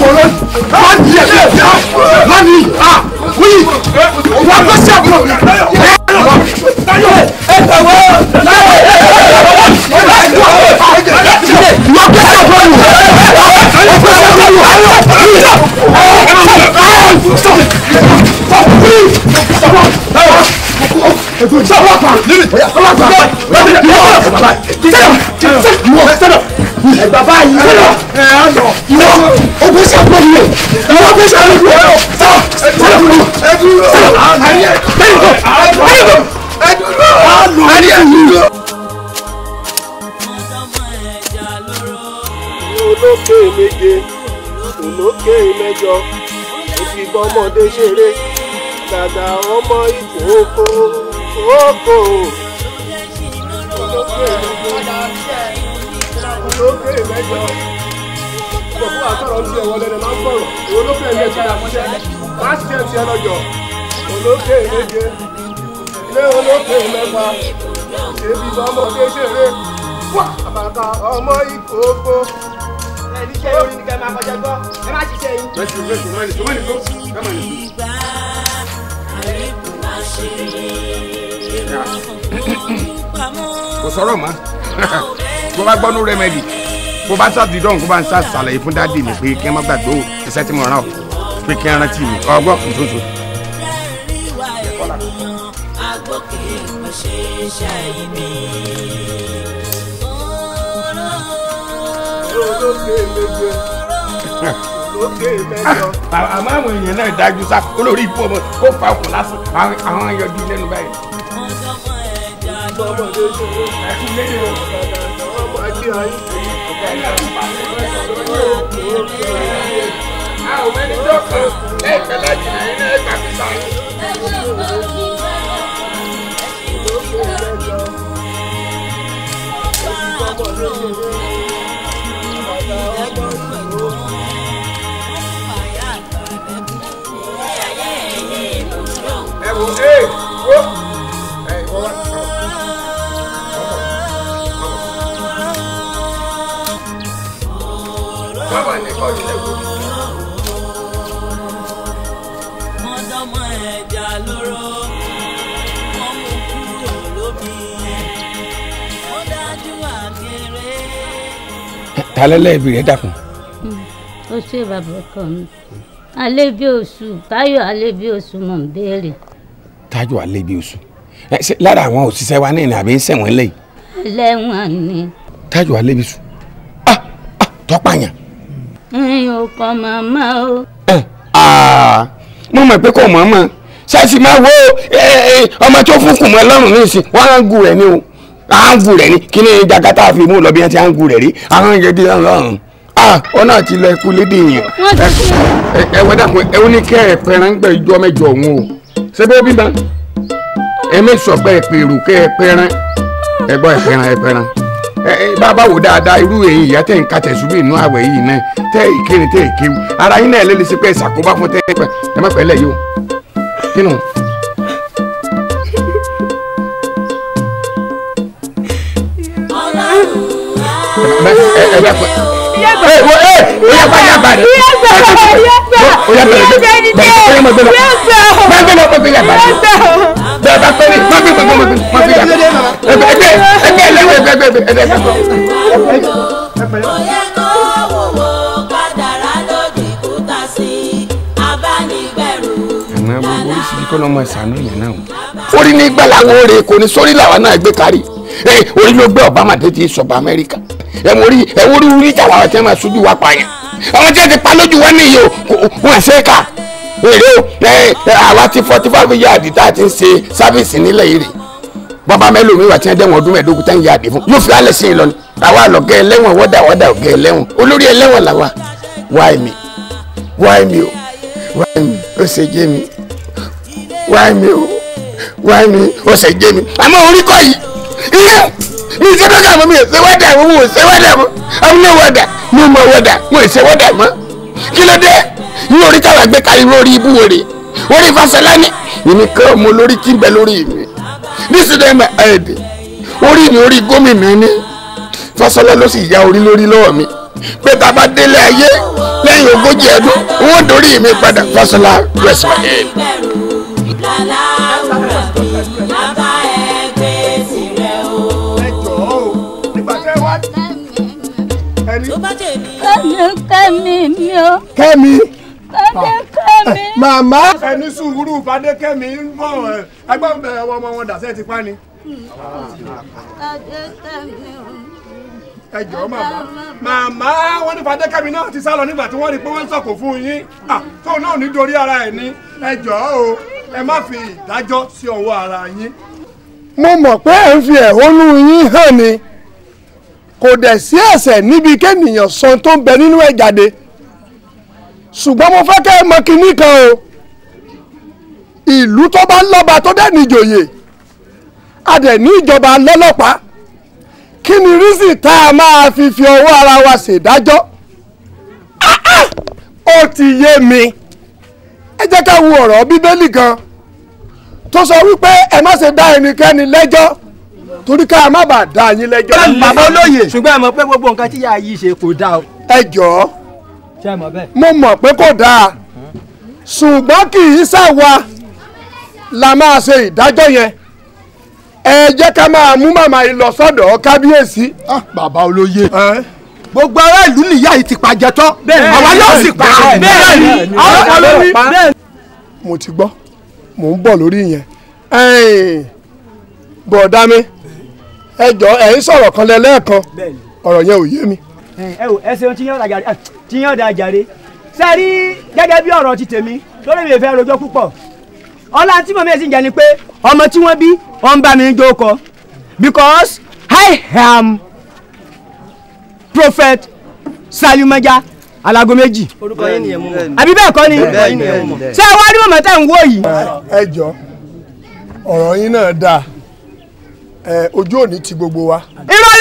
kọ̀ọ̀rọ̀ láti yẹ láti à wíì wà bá sí àbúrò mi. ẹ tẹ̀wé láyé ẹ tẹ̀wé láyé wà bá sí àbúrò mi. wà bá sí àbúrò mi. Stop! Stop! Stop! Stop! ẹgbà báyìí ẹ lọ ẹ á lọ. ìwọ ogun sí àpò mi ìwọ ogun sí àpò mi sọ ẹ dúró ẹ dúró sọ ẹ dúró ẹ dúró ẹ dúró ẹ dúró. olókè méje olókè mẹ́jọ òfin bọmọdé ṣeré dàdà ọmọ ìkókó kókó. lókè lẹ́jọ́ kò fún àtọ̀rọ̀ ń bí ẹ̀wọ̀n lẹ́nu máa ń gbọ̀rọ̀ èwo ló bẹ̀rẹ̀ lẹ́jọ́ ṣiṣẹ́ má ṣiṣẹ́ tiẹ̀ lọ́jọ́ olókè méje ilé olókè mẹ́fà ṣèbí ọmọdé ṣeré wà bàtà ọmọ ìkókó. ẹni ṣe orí ni kẹ máa kọjá gbọ́ ẹ má ṣiṣẹ́ yín. mẹ́sì mẹ́sì mẹ́sì mẹ́sì mẹ́sì mẹ́sì mẹ́sì mẹ́sì. kò sọ̀rọ̀ mọ́ tó bá gbọ́ no remedy bó bá sàdí dọ̀hún kó bá ń sà sàlàyé fún dáàdì mi pé kí ẹ má gbàgbé o tí mo rán o pé kí ẹ rántí mi ọgbọ́ ntutu. àmọ́ àwọn èèyàn náà dájú sá olórí ikú ọmọ kó fa okùn lásán àwọn yọjú lẹ́nu báyìí hey, ayé. àwọn ẹni tó kàn ẹ̀ẹ́dẹ́gbẹ̀lẹ́ jìnnà yín náà ẹ̀ka fi sáré. ẹ wo ẹ wo. ọ̀jẹ̀ lẹ́wọ̀. mọ́dọ́mọ́ ẹja lóró wọ́n mú kúrò lómi ó dájú àgèrè. talẹ́lẹ́ ibi rẹ̀ dàkún. Hmm, ó ṣe bàbá ọkọ mi alébíoṣù táyọ̀ alébíoṣù mọ̀ ń béèrè. táyọ̀ alébíoṣù lára àwọn òṣìṣẹ́ wa nìyẹn àbí sẹ̀wọ̀n lẹ́yìn. lẹ́wọ̀n ni. táyọ̀ alébíoṣù ah, ah, tọ́pàyàn o kọ màmá o. ẹ aa mo mọ̀ pé kò màmá ṣáàṣì máa wo ọmọ tó fún kùmọ̀ lọ́rùn nísìn wọ́n á ń gu rẹ̀ ni o à ń gu rẹ̀ ni kí ni jagata fi mú lọ bí wọ́n ti à ń gu rẹ̀ rí àwọn yẹn di lọ́rùn ọ̀nà àti ilẹ̀ ikú lédè yẹn ẹ wọ́n dàpọ̀ ẹ ó ní kẹ́ ẹ pẹran gbẹ ìjọ mẹ́jọ òun o ṣé bó bímọ ẹ mẹ́sọ̀ gbẹ ẹ pèrò kẹ́ ẹ pẹran ẹ gbọ́ ẹ pẹran ẹ pẹran bàbá wò dáadáa irú èyí ìyá tẹ̀ ń ka tẹ̀sùbù inú àwẹ̀ yìí náà tẹ́ ìkéwì tẹ́ ìkéwì ara yín náà lè lè ṣe pé ìṣàkóbá fún tẹ́ pẹ́ ẹ má pẹ́lẹ́ yìí o kínú. ẹ bẹ pẹ yàgbà yàgbà yàgbà yàgbà yàgbà yàgbà yàgbà yàgbà yàgbà yàgbà yàgbà yàgbà yàgbà yàgbà yàgbà yàgbà yàgbà yàgbà yàgbà bẹ́ẹ̀ bá orí ní gbàláwo rè kò ní sórí làwa náà gbé kárí orí ló gbé Obama dé ti sọ̀bà Amẹ́ríkà ẹ̀wọ̀n orí ẹ̀wọ̀n orí ìjà wàhálà tí wọ́n máa ṣojú wa pààyàn àwọn tí ti pa lójú wa nìyí o wọ́n ṣe é kà èrè àwa ti forty five yard tá a ti ń ṣe sáfíìsì nílẹ̀ yìí rè bàbá mẹ́lò mi wà tí wọ́n dẹ́wọ̀n ọdún mẹ́ẹ̀ẹ́dógún tán yard fún yóò fi alẹ́ sí i lọ ni àwa lọ̀gẹ́ ẹlẹ́wọ̀n wọ́dà wọ́dà ọ̀gẹ́ ẹlẹ́wọ̀n olórí ẹlẹ́wọ̀n làwa wáì mi wáì mi o wáì mi ó ṣe jẹ́ mi wáì mi o wáì mi ó ṣe jẹ́ mi àmọ́ orí kọ́ yìí iye mi ṣe dọ́kà mọ́ mi ò ṣe wọ́dà mọ́ mi ò ṣe wọ́dà mọ́ àwọn náà wọ́dà mo mọ̀ wọ́dà mo ì ṣe wọ́dà mọ́ kí ló dé irú orí táwọn ẹgbẹ́ ká irú orí ibú wèrè orí Fáṣọláni èmi kan mo lórí kí n bẹ lórí mi nísìnyí mi ẹ̀ẹ́dì orí mi orí gómìnà ni Fáṣọlá ló sì ya orí lórí lọ́wọ́ mi pé tá délé ayé lẹ́yìn ogójì ọdún wọ́n dorí mi padà Fáṣọlá rẹ̀sì ẹ̀. kẹ́mi kẹ́mi ni ó. kẹ́mi. màmá. ẹni sùúrù Fadékẹ́mi ń bọ̀ ẹgbẹ́ ọmọ wọn dàsẹ́ ti pa ni. ẹ màmá màmá wọn ní Fadékẹ́mi náà ti sá nígbà tí wọ́n rí pé wọ́n ń sọ̀kò fún yín ah, tóun náà ní dorí ara ẹ̀ ní ẹ o ẹ má fi ìdájọ́ sí ọwọ́ ara yín. mo mọ̀ pé ẹ̀ ń fi ẹ̀hónú yín hàn ni kò dẹ̀ sí ẹ̀ṣẹ̀ níbi kéèyàn sọ tó ń bẹ nínú ẹ̀ jáde ṣùgbọ́n mo fẹ́ kẹ́ ẹ mọ kinní kan o ìlú tó bá lọ́ba tó dẹ̀ níjòyè a ní ìjọba lọ́lọ́pàá kí ni rísì tá a máa fi fi ọwọ́ ara wa ṣèdájọ́ ó ti yé mi ẹ jẹ́ ká wo ọ̀rọ̀ bíbélì kan tó sọ wípé ẹ má ṣe dá ẹnikẹ́ni lẹ́jọ́ torí ká má bàa dá yín lẹ́jọ́. bàbá olóye ṣùgbọ́n ẹ mọ̀ pé gbogbo nǹkan tí yàá yìí ṣe kò dáa ẹ jọ̀ọ́ mo mọ̀ pé kò dáa ṣùgbọ́n kì í ṣàwa la máa ṣe ìdájọ́ yẹn ẹ jẹ́ ká máa mú màmá yìí lọ sọ́dọ̀ kábíyèsí. Ah, bàbá olóye gbogbo ará ìlú nìyá yìí ti pàjẹ́ tán àwa yóò sì pa bẹ́ẹ̀ ni àwọn kan ló wí. mo ti gbọ́ mò ń bọ̀ lórí yẹn bọ̀dá mi ẹ jọ ẹ̀ sọ̀rọ̀ kan lẹ́lẹ́ẹ̀kan ọ̀rọ̀ yẹn ò yé mi ẹ eh, eh, o ẹ ṣeun tíyàn dá jàre sẹ́rí gẹ́gẹ́ bí ọ̀rọ̀ ti tèmi lórí mi fẹ́ rojọ́ púpọ̀ ọlá tí mọ̀mí ẹ̀sìn jẹ́ ni pé ọmọ tí wọ́n bí wọ́n ń bá mi jó kọ because I am prophet Salumaja alago méjì àbí bẹ́ẹ̀ kọ́ ni ṣé ẹ wá ní mọ̀mọ́ tẹ̀ ń wò yìí. ẹ jọ ọ̀rọ̀ yín náà dáa eh, ojú òní ti gbogbo wa. irọ́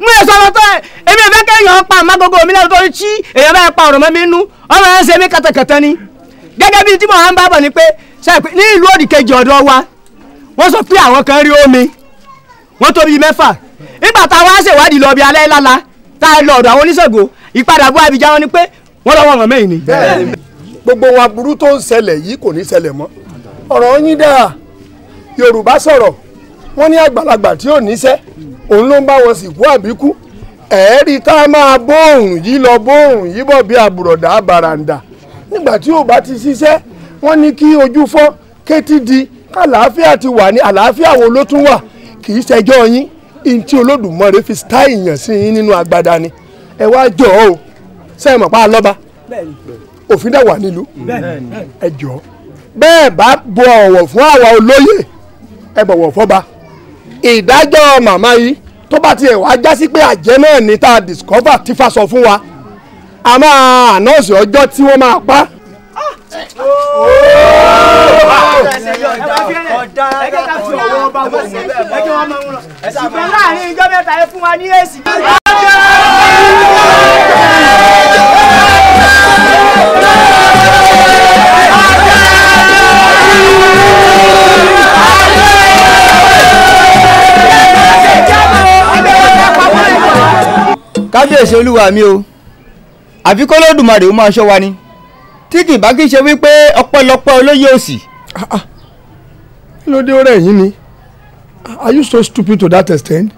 mo lè sọ ọ̀rọ̀ tó ẹ̀ èmi ìfẹ́ kẹ́yìn ọ̀pá àmàgógó mi lẹ́nu torí tí èèyàn bá pa ọ̀rọ̀ mọ́ mi nú ọmọ ẹ̀ ń ṣe mí kàtàkàtà ni gẹ́gẹ́ bíi tí mo máa ń bábọ̀ ni pé ní ìlú òdìkejì ọ̀dọ̀ wa wọ́n sọ pé àwọn kan rí omi wọ́n tóbi mẹ́fà nígbà tá a wá ṣèwádìí lọ bí alẹ́ lálá tá a lọ ọ̀dọ̀ àwọn oníṣègùn ìpadàbọ̀ àbíjá wọn ni pé wọ́n lọ́wọ́ wọn mẹ́yìn ni. gbogbo wa burú tó ń ṣẹlẹ̀ yìí kò ní ṣẹlẹ̀ mọ́ ọ̀rọ̀ yín dáa Yorùbá sọ̀rọ̀ wọ́n ní àgbàlagbà tí ò níṣẹ́ òun ló ń bá wọn sìnkú àbíkú ẹ̀ẹ́rì tá a máa bóòrùn yìí lọ bóòrùn yìí bọ̀ bí àbùrọ̀dá bàràǹdà nígbà tí ò bá ti ṣiṣẹ́ wọ́n ní kí ojú fọ́ kétí di kàlàáfíà ti wà ní àlàáfíà wo ló tún wà kì í ṣẹjọ́ yín ihun tí Olódùmarè fi ta ìyàn sí yín nínú agbada ni ẹ wá jọ o ṣe é mọ̀ òfin dẹ̀ wà nílùú ẹ jọ bẹ́ẹ̀ bá bọ ọ̀wọ̀ fún àwa olóyè ẹ bọ̀wọ̀ fọ́ba ìdájọ́ màmá yìí tó bá tiẹ̀ wá já sí pé àjẹ́ náà ní tá a discover tífà sọ fún wa a máa ànọ́ọ̀sì ọjọ́ tí wọ́n máa pa. ṣùgbọ́n láàrin ìjọ mẹ́ta fún wa ní èsì. kábíyèsí olúwa mi o àfi kó lódùmarè ó máa ṣọ́ wa ni tí kì bá kí ṣe wípé ọpẹ́lọpẹ́ olóyè òsì. lóde ó rẹ̀ yín ni are you so stupid to that extent?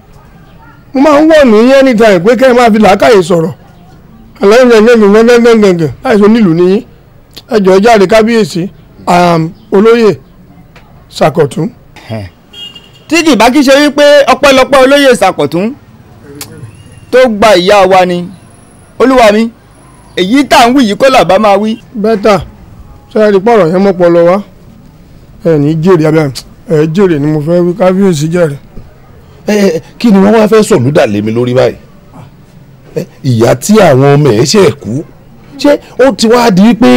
mo máa ń wọ̀nù yín anytime pé kẹ́ ẹ máa fi làákàyè sọ̀rọ̀ gẹ̀gẹ̀gẹ̀gẹ̀gẹ̀gẹ̀gẹ̀ láìsọ nílùú níyín ẹ jọ̀ọ́ jáde kábíyèsí olóyè sàkọ̀tún. tí kì bá kí ṣe wípé ọpẹ́lọpẹ́ olóyè sàkọ̀tún tó gba ìyá wa ni olúwa mi èyí tá à ń wí yìí kó làbá máa wí. bẹ́tà sẹ́ẹ̀rì pọ̀rọ̀ yẹn mọ́pọ̀ lọ wá ẹ̀ ní jèrè abẹ́ ẹ̀ jèrè ni mo fẹ́ wí kábíyèsí jẹ̀rẹ̀. ẹ ẹ kí ni wọn wá fẹ́ sọ̀lúdà lé mi lórí báyìí ìyá tí àwọn ọmọ ẹ̀ ṣe kú ṣé ó ti wá di pé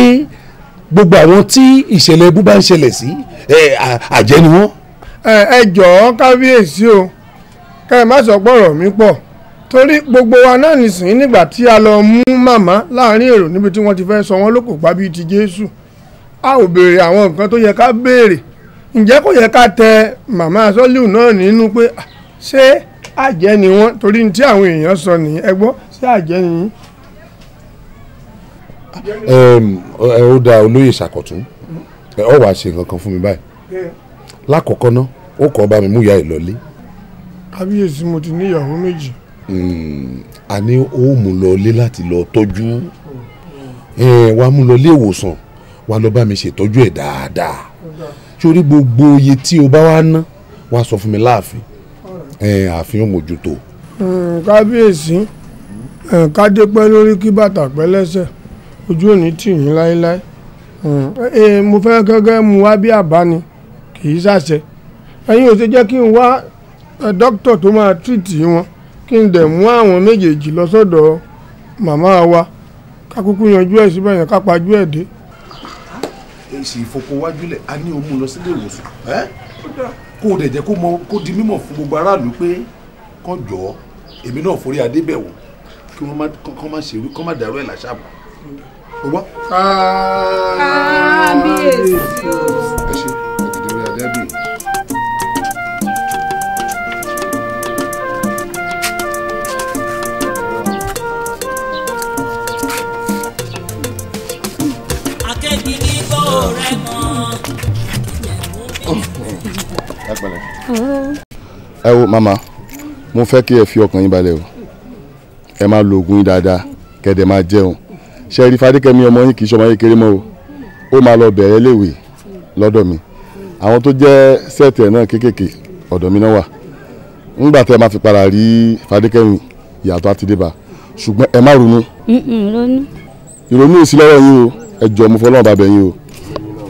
gbogbo àwọn tí ìṣẹ̀lẹ̀ ibú bá ń ṣẹlẹ̀ sí àjẹ́ ni wọ́n. ẹ jọ̀ọ́ kábíyèsí o kẹ́ ẹ má sọ pọ̀rọ̀ mi pọ̀ torí gbogbo wa náà nìsín nígbà tí a lọ mú màmá láàrin èrò níbi tí wọ́n ti fẹ́ sọ wọn ló kò bíi ti Jésù a ò béèrè àwọn nǹkan tó yẹ ká béèrè kò yẹ ká tẹ màmá Soliu náà nínú pé ṣé ni wọn torí tí àwọn èèyàn sọ ẹ àjẹ́ ni ẹ ó da olóyè ẹ ọ wàá ṣe nǹkan kan fún mi báyìí lákọ̀ọ́kọ́ ó kọ́ a ní ó mú lọ lé láti lọ tọ́jú wàá mú lọ lé ìwòsàn wàá lọ bá mi ṣètọ́jú ẹ̀ dáadáa sórí gbogbo iye tí o bá wá ná wàá sọ fún mi láàfin ààfin ò mójútó. Hmm, kábíyèsí kádé pẹ́ lórí kí bàtà pẹ́ lẹ́sẹ̀ ojú òní tì yín láéláé hmm, mo fẹ́ gẹ́gẹ́ mu wá bí àbá ni kì í ṣàṣẹ ẹ̀yin ò ṣe jẹ́ kí n wá dókítà tó máa tírìtì wọn kí n dẹ̀ mú àwọn méjèèjì lọ sọ́dọ̀ màmá wa ká yanjú ẹ̀ síbẹ̀ yẹn ká ẹ̀ dé. èsì ìfọkànwájúlẹ̀ a ní òun lọ sílé ìwòsàn kó o dẹ̀ jẹ́ kó di mímọ̀ fún gbogbo aráàlú pé kàn jọ̀ọ́ èmi náà forí adé bẹ̀ wò kí wọ́n má kọ́ má ṣerú kọ́ má dàrú ẹ̀ làṣà bọ̀. kábíyèsí o. ẹ wo màmá mo fẹ́ kí ẹ fi ọkàn yín balẹ̀ o ẹ máa lo oògùn yín dáadáa kẹ̀dẹ̀ máa jẹun ṣẹ́ẹ̀rí fadékẹ́mi ọmọ yín kì í ṣọmọ yín kéré mọ́ o ó máa lọ bẹ̀rẹ̀ léèwé lọ́dọ̀ mi àwọn tó jẹ́ sẹ́ẹ̀tì ẹ̀ náà kéékèèké ọ̀dọ̀ mi náà wà ńgbà tẹ́ ẹ máa fi padà rí fadékẹ́mi ìyàtọ̀ àti débà ṣùgbọ́n ẹ má ronú. ìrònú ìsílẹ̀ yín o ẹ jọ̀ọ́ mo fọlọ́run bá bẹ̀ yín o.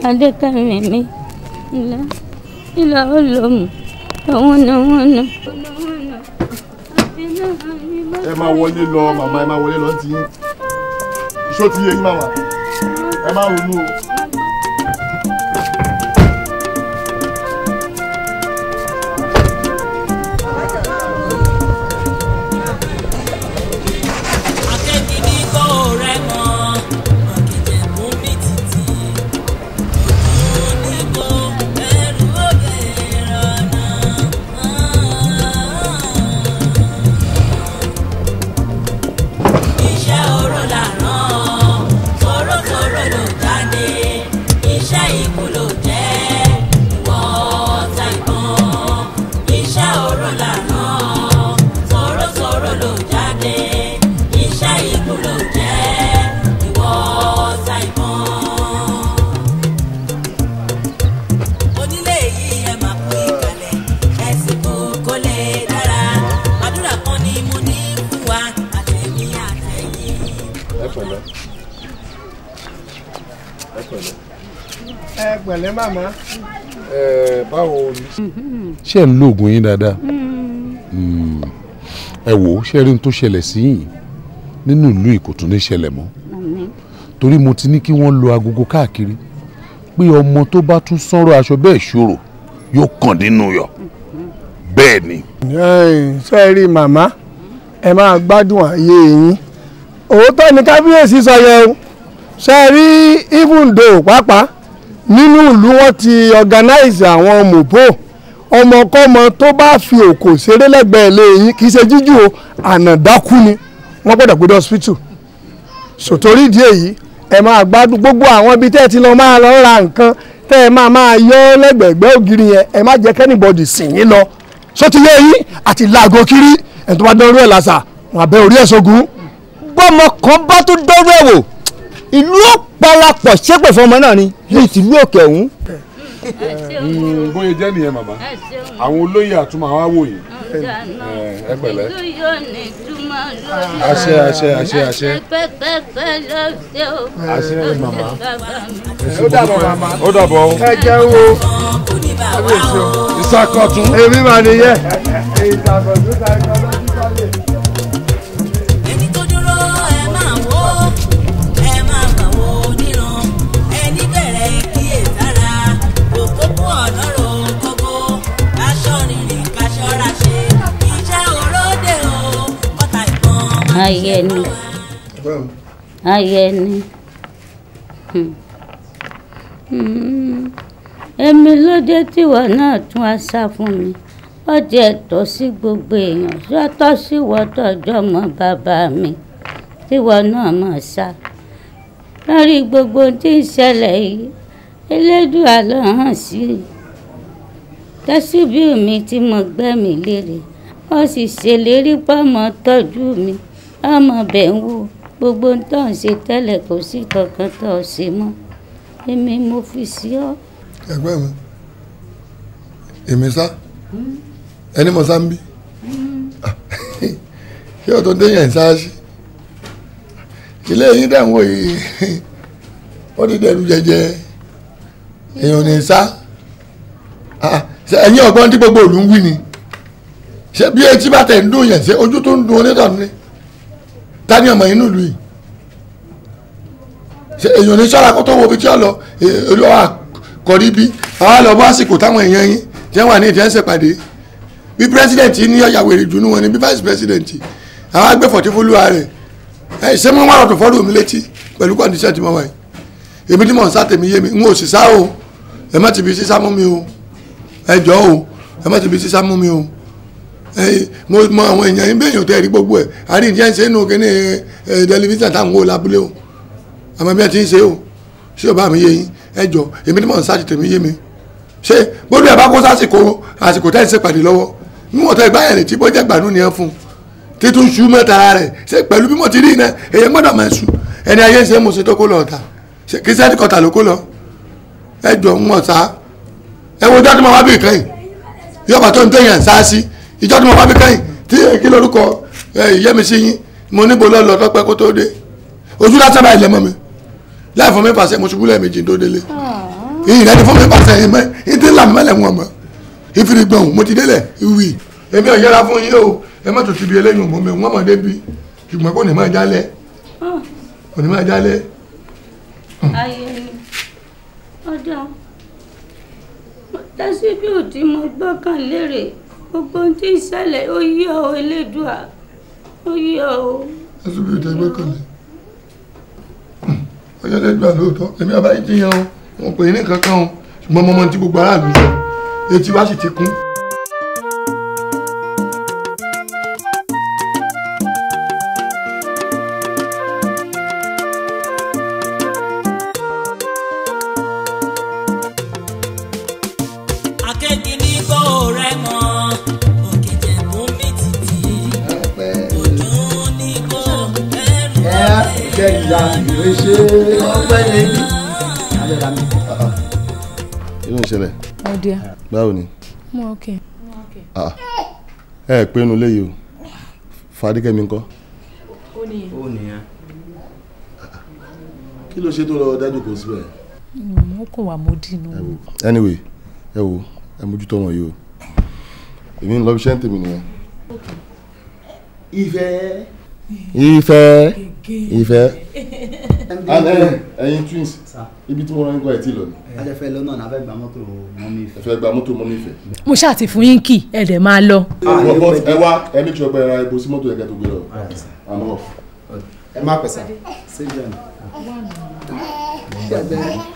fadékẹ́mi mi ilẹ̀ olómù àwọn náà wọ́n náà. ẹ máa wọlé lọ màmá ẹ máa wọlé lọ ti yín iṣó ti yé yín màmá ẹ máa ronú o. màmá. ẹ báwo ni. ṣé ẹ ń lo oògùn yín dáadáa ẹ wò ó ṣe rí n tó ṣẹlẹ̀ sí yìí nínú ìlú yìí kò tún ní ṣẹlẹ̀ mọ́ torí mo ti ní kí wọ́n lo agogo káàkiri pé ọmọ tó bá tún sọ́rọ̀ aṣọ bẹ́ẹ̀ ṣòro yóò kàn nínú yọ bẹ́ẹ̀ ni. ṣé ẹ rí màmá ẹ máa gbádùn ààyè yín òótọ́ ni kábíyèsí sọ yẹn o ṣe rí even though pàápàá nínú ìlú wọn ti organize àwọn mòbó ọmọkọ́mọ tó bá fi òkò ṣeré lẹ́gbẹ̀ẹ́ lẹ́yìn kì í ṣe jíjù o ànàdákú ni wọ́n gbọ́dọ̀ gbé hospital sòtórí ìdí èyí ẹ máa gbádùn gbogbo àwọn ibi tẹ́ ẹ ti lọ máa lọ ra nǹkan tẹ́ ẹ máa máa yọ lẹ́gbẹ̀ẹ́gbẹ́ ògiri yẹn ẹ má jẹ́ kẹ́nìbọ̀dì sìn yín lọ sótìlẹ́ yín àti làgò kiri ẹ̀ tó bá dánrú ẹ̀ làṣà wọn àbẹ orí ẹ̀ sógun. bọ́mọ kan bá tún dánrú ẹ̀ wò ìlú ọ̀pọ̀lọpọ̀ ṣépè fọmọ náà ni ní tìlú òkè ọ̀hún. bóyá jẹ́ nìyẹn màmá àwọn olóyè àtúmọ̀ àwọn awòye ẹ pẹ̀lẹ́. àṣẹ àṣẹ àṣẹ àṣẹ. àṣẹ màmá. ó dàbọ̀ màmá. ó dàbọ̀. ẹ jẹ́ wo. ìsàkọ̀tún. èmi mà nìyẹn. ìsàkọ̀tún sàkọ̀tún. Ayẹni Ayẹni hmm. hmm. èmi ló dé tíwọ náà tún á sá fún mi ó ti ẹ̀tọ́ sí gbogbo èèyàn sọ́tọ̀ sí wọ́tọ̀ jọmọ bàbá mi tíwọ náà mọ̀ sá lórí gbogbo tí ń ṣẹlẹ̀ yìí elédùà ló hàn sí i tẹ́síbíù mi tí mo gbẹ́mìí lére ó sì ṣèlérí pọ́mọ tọ́jú mi àmọ́ bẹ̀ ń wò gbogbo ń tọ́ ń ṣe tẹ́lẹ̀ kò sí kankan tọ́ ọ ṣe mọ́ èmi mo fi sí ọ. ẹgbẹ́ mi èmi sá ẹni mo sá ń bí ṣé o tó déyàn ń sáàṣì ilé yín dẹ̀ ń wò yìí ó ti dẹ̀rù jẹjẹ èèyàn ní sá ah, ẹ̀yin ọ̀gbọ́n tí gbogbo òlù ń wí ni ṣé bí etí bá tẹ̀ ń dùn yẹn ṣé ojú tó ń dùn onítọ̀ ni tani ọmọ inú ìlú yìí èèyàn ní sọ́ra kó tó wo ibi tí ó lọ olúwa kọ̀rí bí àwa lọ bọ́ àsìkò táwọn èèyàn yín tí wọ́n wà ní ìfẹ́ǹsẹ̀ pàdé bí pírẹ́sidẹ̀ntì ní ọ̀yàwó èrìjú ní wọn ni bí vice president àwọn agbẹ́fọ̀tí fúlùwà rẹ̀ ẹ̀ ṣé wọ́n wà lọ́tọ̀ fọ́ọ̀rù mi létí pẹ̀lú kọ́ndíṣẹ́ tí mo wà yìí èmi tí mò ń sá tèmi yé mi n ò sì sá o ẹ má ti fi sísá mú mi o ẹ jọ o ẹ má ti fi sísá mú mi o mo mọ àwọn èèyàn yín bẹ́ẹ̀ yóò tẹ́ rí gbogbo ẹ̀ àrí ìjẹ́ ń ṣe nù kíní tẹlifíṣàn táwọn wo lábúlé o àmọ́ bí wọ́n ti ń ṣe o ṣé o bá mi yé yín ẹ jọ èmi ni mò ń sáàtì tèmi yé mi ṣé gbọ́dọ̀ ẹ̀ bá kó sásìkò àsìkò tẹ́ ẹ̀ ń ṣe pàdé lọ́wọ́ níwọ̀n tẹ́ ìgbà yẹn tí bọ́jà gbànú ni ẹ fún títún ṣú mẹ́ta rẹ̀ ṣé pẹ̀lú bí mo ti rí iná èyẹ gbọ́dọ̀ máa ṣù ẹni ayé ṣe mo ṣe tó kó lọ ọ̀tà kí sẹ́ni kọ̀tà ló kó lọ ẹ jọ ń wọ̀n sá ẹ wo dájú máa wá bí ìkan yìí yọba tó ń tẹ̀yàn sá sí ìjọ tí mo wá bí kẹ́yìn tí eh, kí lórúkọ eh, ìyẹ́misí yín mo níbo lọ́ọ́ lọ tọ́pẹ́ kó tó dé ojú lásán báyìí lẹ́mọ́ mi láì fún mi pàṣẹ mo ṣubú lẹ́ẹ̀mejì tó délé ìyìn ẹni fún mi pàṣẹ yìí mẹ́ ìdí làmì mẹ́lẹ̀ wọn mọ́ ìfiri gbọ̀n mo ti délẹ̀ ìwì èmi ò yẹra fún yín o ẹ má tòtí bi eléyìí òmò mi wọ́n mọ̀ débi ṣùgbọ́n kò ní máa jálẹ̀ kò ní máa jálẹ̀. ayé ọ̀dà mo dá sí bí òdì mo gbọ́kànlé rèé gbogbo ohun tí ìṣẹ̀lẹ̀ ó yí ọ elédùà ó yí ọ o. ẹsùn bíi ìdá ẹgbẹ́ kan lè hmm, ọjọ́ lẹ́dùà lóòótọ́ èmi àbáyé jiyàn o wọn pè é ní kankan o ṣùgbọ́n mọ́mọ́ tí gbogbo aráàlú sọ etí wá sì ti kún. dear. Ah, báwo ni. mo ok. Ah, ẹ pé inú léyìí o fadékẹ́mi ńkọ́. ó ní yẹn. ó ní yẹn. kí ló ṣe tó lọ dájú kò síbẹ̀. mo kò wà mo dín inú. anyway ẹ wo ẹ mójútó wọn yìí o èmi ń lọ bí ṣẹ́ńtì mi nìyẹn. ìfẹ́. Hmm. ìfẹ́ ìfẹ́ ẹ̀yin twins ibi tí wọ́n rán gbọ́ ẹ̀ tí lọ ni. ajẹfẹ lọ náà nàfẹ gba mọ́tò mọmí ìfẹ́. ẹfẹ gba mọ́tò mọmí ìfẹ́. mo ṣáàtì fún yín kì ẹ dẹ máa lọ. Ah, ah, ẹ wá ẹ ní sọ pé ẹ ra epo sí mọ́tò yẹn kẹtù gbé lọ. Ah, ẹ má pẹ̀sà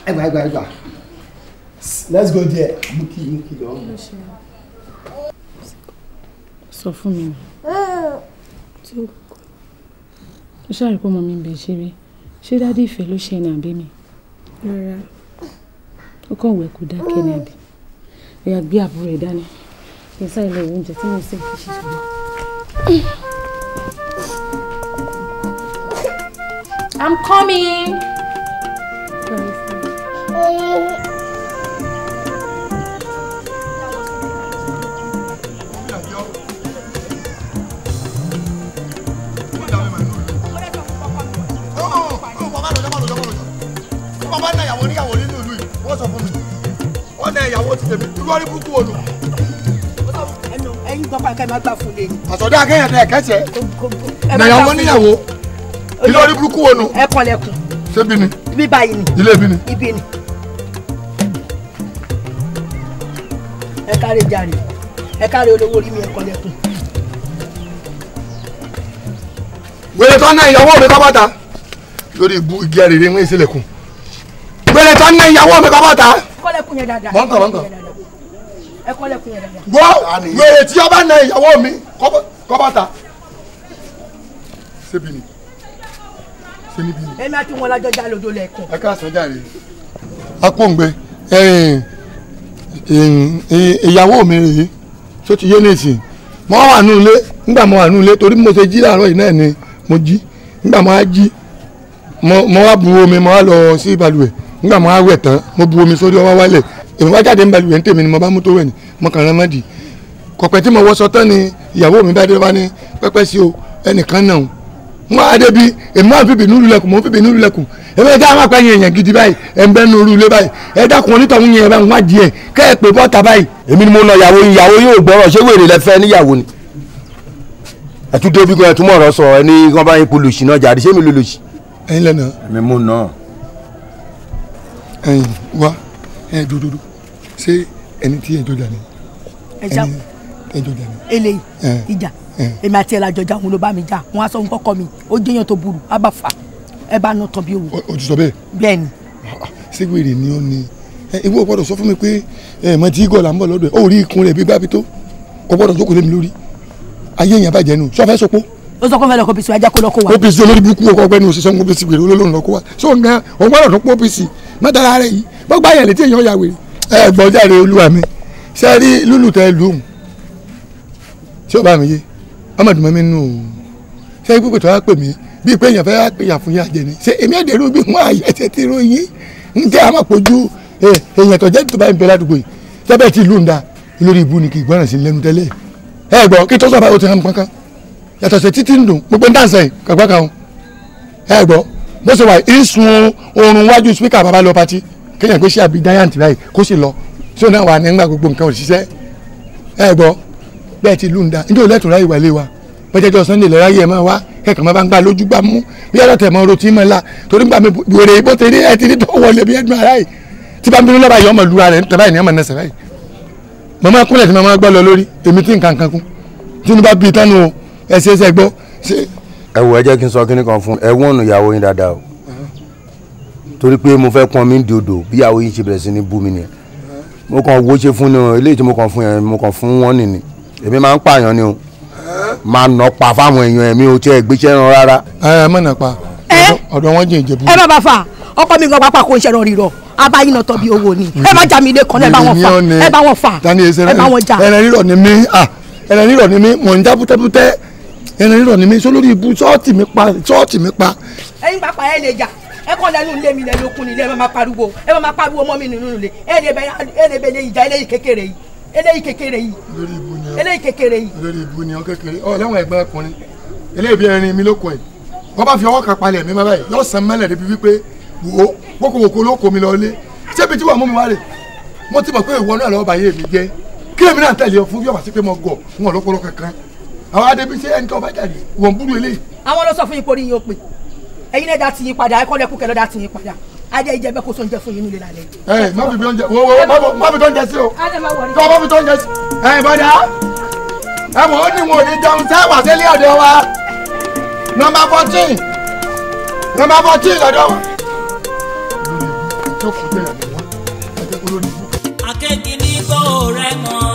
ẹgbà ẹgbà ẹgbà let's go there mú kí mú kí lọ. sọ fún mi. two ó ṣàrí pé ọmọ mi ń bẹ ṣeré ṣé dádì ìfẹ́ ló ṣe ẹni àbí mi. ó kàn wẹ̀ kó dákẹ́ ni àbí ẹ̀yà gbé àbúrò ẹ̀ dání kí n sáré lọ oúnjẹ tí mo sì fi ṣe ṣùgbọ́n. I'm coming. ọ̀nà ìyàwó ti tèmi irú ọ̀rí burúkú wo nù. ẹyin gbọ́pá kẹ́ ẹ máa gbà fún lè. àtọ̀dá akẹ́yàn náà kẹ́sẹ̀ nàyàwó níyàwó irú ọ̀rí burúkú wo nù. ẹ kọlẹ̀kùn. ṣé bí ni. bí báyìí ni. ilé bí ni. ibi ni. ẹ káre jàre ẹ káre olówó orí mi ẹ kọlẹ̀kùn. wèrè tó ná ìyàwó mi kọ́ bàtà lórí ibu igi àrèrè ń sílẹ̀kùn wèrè tó ná ìyàwó mi kọ́ bàtà lẹ́kùn yẹn dáadáa. mọ̀ ń kàn mọ̀ ń kàn. ẹ kọ́ lẹ́kùn yẹn dáadáa. gbọ́ wèrè tí ọba na ìyàwó mi kọ́bọ̀ ta. ṣébi ni ṣébi ni. èmi àti wọn lájọ já lójó lẹ́kùn. ẹ ká sọjá rè. apóǹgbẹ ìyàwó mi rèé tó ti yé nìsín mo wà nù ilé nígbà mo wà nù ilé torí mo ṣe jí láàárọ̀ yìí náà ni mo jí nígbà mo wá jí mo wá bu omi mo wá lọ sí balùwẹ̀ nígbà mo á tán mo bu omi sórí ọwọ́ wálẹ̀ èmi wá jáde ń balùwẹ̀ ń tèmi ni mo bá mú tó wẹ̀ ni mo kàn rán mọ́dì kọ̀pẹ́ tí mo wọṣọ tán ni ìyàwó mi bá dé wá ní pẹ́pẹ́ sí o ẹnìkan náà wọn á débi èmi máa ń fìbì nílùú lẹkùn mò ń fìbì nílùú lẹkùn èmi ẹja àwọn apẹyìn èèyàn gidi báyìí ẹnbẹ nínú orí ilé báyìí ẹ dákun onítọ̀hún yẹn bá ń wá díẹ̀ kẹ́ ẹ pè bọ́ta báyìí. èmi ni mo nà yàwó yàwó yóò gbọ́rọ̀ ṣé wèrè lẹ fẹ́ níyàwó ni. ẹtú débi kan ẹtú mọ̀ọ́rọ̀ sọ ẹni kan bá yín polùsì náà jàdí ṣé mi lòlùsì. ẹyin lẹ́nu. èmi mú náà ẹ̀yin wa ẹ dododo ṣé ẹni tí ẹ jọjà ni. ẹ já ẹ jọjà ni. eléyìí ìjà èmi àti ẹ̀ la jọjà òun ló bá mi jà wọn á sọ ohun kọkọ mi ó jẹyàn tó burú á bá fà ẹ bá nà tán bí òwò. o ti sọ bẹ́ẹ̀. bẹ́ẹ̀ ni. ṣégbèrè ni ó ni ìwọ ò gbọ́dọ̀ sọ fún mi pé ẹ mọ tí igọ là ń bọ̀ lọ́dọ̀ ẹ ó rí ikùn rẹ bí bá bi tó kò gbọ́dọ̀ jókòó lé mi lórí ayé èèyàn bàjẹ́ nù sọ fẹ́ sọpọ́ ó sọ pé fẹ́ lọ kó bisi ajá kó lọ kó wa. opc olórí burúkú ọkọ ọgbẹni òṣìṣẹ́ ń kó bisi wèrè olólùn lọ kó wa so nǹkan òun gbọ́dọ̀ tún pọ́ opc mẹ́tàlá rẹ̀ yìí gbọ́gbà yẹn létí èèyàn ya wèrè. ẹ gbọ́ jàre olúwa mi ṣe rí lúlù tẹ lù ún ṣé ọba mi yé ọmọdé mọ́ mi nù ún ṣe é pípé tó wá pè mí bíi pé èèyàn fẹ́ wá pè yà fún yà jẹ ni ṣé èmi àdèrú bí wọn àyè ẹsẹ̀ ti ròyìn ń jẹ́ àmọ́ pojú èèyàn tó jẹ́ tó yàtọ̀ sí títí ń dùn gbogbo ń dànsẹ̀ kàgbá kan ẹ gbọ́ bó ṣe wà ìsun oorun wájú spíkà bàbá lọ pati kéèyàn gbé sí àbí giant báyìí kó sì lọ tí òun náà wà nígbà gbogbo nǹkan òṣìṣẹ́ ẹ gbọ́ bẹ́ẹ̀ ti lù ń da nítorí lẹ́tọ̀ọ́ ráyè wà lé wa pẹ́jẹ́jọ́ sunday lẹ́rọ ayé ẹ̀ máa wá kẹ́kọ̀ọ́ máa bá ń gbà lójú gbà mú bí ẹ̀rọ tẹ̀ mọ́ rotí mọ́ la torí gbà mí wèrè bó ti rí ẹ ti rí tó wọlé bí ẹ̀dùn ara yìí tí bá ń bínú lọ́ba yìí ọmọ lu ara ẹ̀ níta báyìí ni ọmọ nẹsẹ̀ báyìí màmá kúnlẹ̀ tí màmá gbọ́ lọ lórí èmi tí nǹkan kan kún tí ní bá bí tánu o ẹ ṣe ṣe gbọ́. ẹ wò ẹ jẹ́ kí n sọ kínní kan fún ẹ wọ́n ọ̀nà ìyàwó yín dáadáa o torí pé mo fẹ́ pọn mi ń di odò bí ìyàwó yín ṣe bẹ̀rẹ̀ sí ní bú mi nìyẹn mo kàn wo ṣe fún ni o eléyìí tí mo kàn fún yẹn mo kàn fún wọn nìní èmi máa ń pààyàn ni o máa nà pa fáwọn èèyàn ẹ̀mí o tiẹ̀ gbéṣẹ́ ran rárá. ẹ ẹ mọ̀ nà pa ọ̀dọ̀ wọn jẹ́ ìjẹ́bú. ẹ bá bá fa ọkọ mi gan pápá kò ń ṣẹ̀rọ abayin náà tọ́bi owó ni ẹ má jà ilé kan ẹ bá wọn fa ẹ bá wọn fa ẹ bá wọn jà. ẹrẹ rírọ̀ ni mí ẹrẹ rírọ̀ ni mí mò ń já bútẹ́bútẹ́ ẹran rírọ̀ ni mi sólórí ibu ṣọ́ọ̀tì mi pa ṣọ́ọ̀tì mi pa. ẹ̀yin pàpà ẹ lè jà ẹ kọ́ lẹ́nu ilé mi lẹ́nu okun nílé ẹ máa pariwo ẹ máa pariwo mọ́ mi nínú ilé ẹ lè bẹ ẹ lè bẹ lè ìjà eléyìí kékeré yìí eléyìí kékeré yìí eléyìí kékeré yìí. lórí ibu ni ọ kékeré ọ lẹ́wọ̀n ẹ̀gbọ́n ọkùnrin eléyìí bí ẹrin mi ló kọ ẹ̀ wọ́n bá fi ọwọ́ kan palẹ̀ mi báyìí lọ́sàn-án mẹ́lẹ̀ débi wípé pé ìwọ àwọn adébí ṣé ẹnì kan bá jáde wọ́n búrú eléyìí. àwọn ló sọ fún yín pé orí yín ó pé ẹ̀yin náà dá ti yín padà ẹ̀kọ́ lẹ́kùn kẹlẹ́ dá ti yín padà ajẹ́ ìjẹ́ bẹ́ẹ̀ kó sọ oúnjẹ fún yín nílé lálẹ́. ẹ má fi bí oúnjẹ wo wo má fi tó oúnjẹ sí o tó má fi tó oúnjẹ sí ẹ bọ́dà ẹ wò ó ní wọn ò ní jẹun tẹ́ wà sílé ọ̀dọ̀ wa nọ́mbà fourteen nọ́mbà fourteen lọ́dọ̀ wa. akẹ́kìnrin bò rẹ̀ mọ́.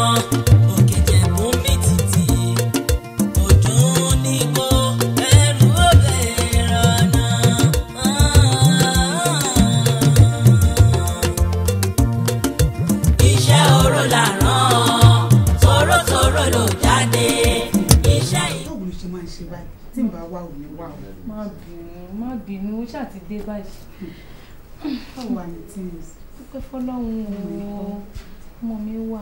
tí n bá wà ò ní wà o. má bínú má bínú ó ṣàti dé báyìí. báwo wà ní tíyẹn. dúpẹ́ fọlọ́run o ọmọ mi wà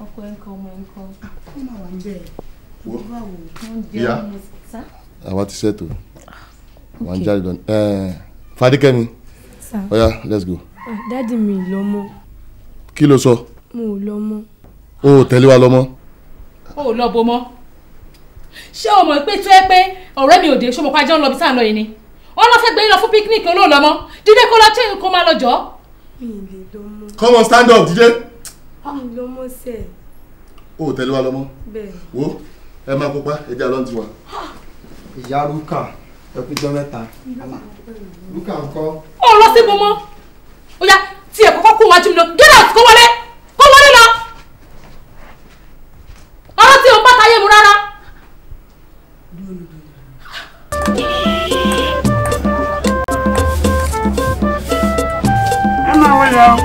ọkọ ẹ̀ ń kọ ọmọ ẹ̀ ń kọ. Ah, ó mà wà ń bẹ̀ wo ìyá àwa ti ṣètò ah, wà jáde lọ eh, Fadékẹ́mi ọ̀ya let's go. Ah, dádì mi lọ mọ́. kí ló sọ. mo ò lọ mọ́. o ò tẹ̀lé wa lọ mọ́. o ò lọ bo mọ́ ṣé o mọ̀ pé tó ẹ pé ọ̀rẹ́ mi ò dé ṣé o mọ̀ pé ajá ń lọ bí sáà lọ yìí ni wọn lọ fẹ́ gbé yín lọ fún picnic olóòlọ mọ́ dídé kó lọ tí kò máa lọ jọ́. come on stand up dídé. lọmọ sẹ. o ò tẹ́lẹ̀ wa lọ́mọ. wo ẹ máa kópa ẹ jẹ́ àlọ́ntì wa. ìyá rúkà ẹ kú jọ mẹ́ta rúkà ńkọ́. ó lọ sí ibomọ ó yá tí ẹ kọ́kọ́ kó wájú mi lọ get out kó wọlé kó wọlé lọ ọ̀rọ̀ tí òun bá tayé mu rá ẹ máa wọ yà ó.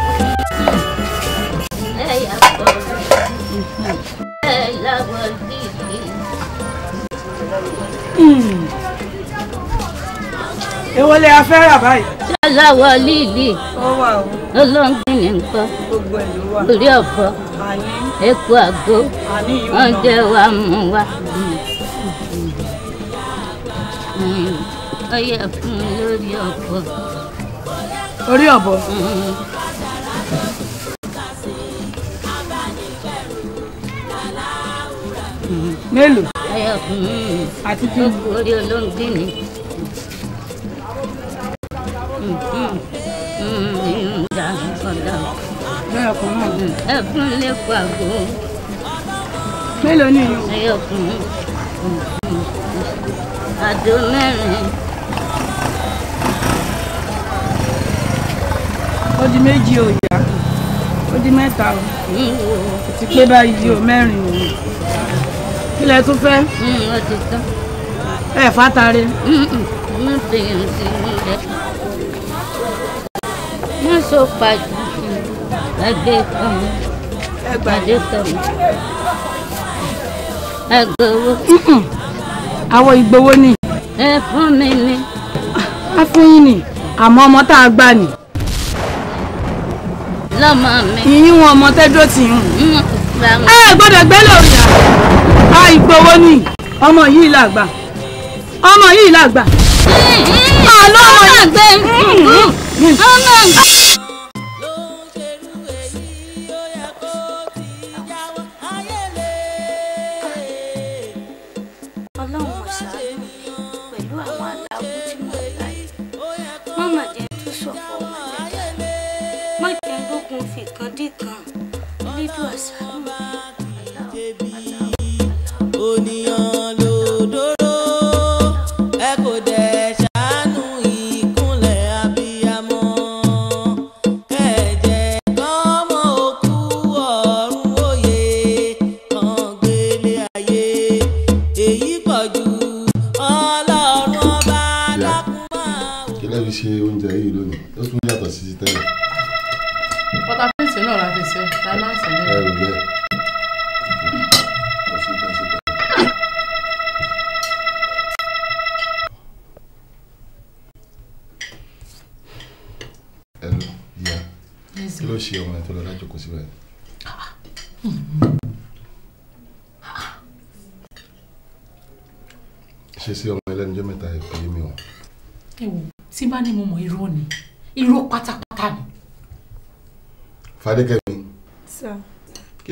èwo lè a fẹ́ rà báyìí. ṣọláwọ líìlì olóńgbìn ní nǹkan orí ọ̀fọ̀ epo àgbo oúnjẹ wa mú wa. ọyẹ fún lórí ọ̀bọ. orí ọ̀bọ. mélòó. ẹyọ fún àti kí. gbogbo orí olóńgbé ni. bẹ́ẹ̀ kọ́ náà. ẹ̀fún lè pàgó. mélòó ni. ẹyọ fún àdó mẹ́rin. ó di méjì o ìyá ó di mẹ́ta o kò ti pé báyìí o mẹ́rin o kí lẹ tún fẹ́. Mm, ẹ fàtàrẹ. wọ́n so pàjù ẹgbẹ́ kan ẹgbàdé kan ẹgbẹ́wó. àwọn ìgbowó ni. ẹ fún mi ni. a fún yín ni àmọ́ ọmọ tá a gbà ni lọ́mọ mi. ìyín wọn ọmọ tẹ́dọ́ ti hùn. ẹ gbọ́dọ̀ gbé lórí à ìgbowó ni ọmọ yìí làgbà ọmọ yìí làgbà. ọlọ́mọ gbé ọmọ gbé. Mm, mm, mm.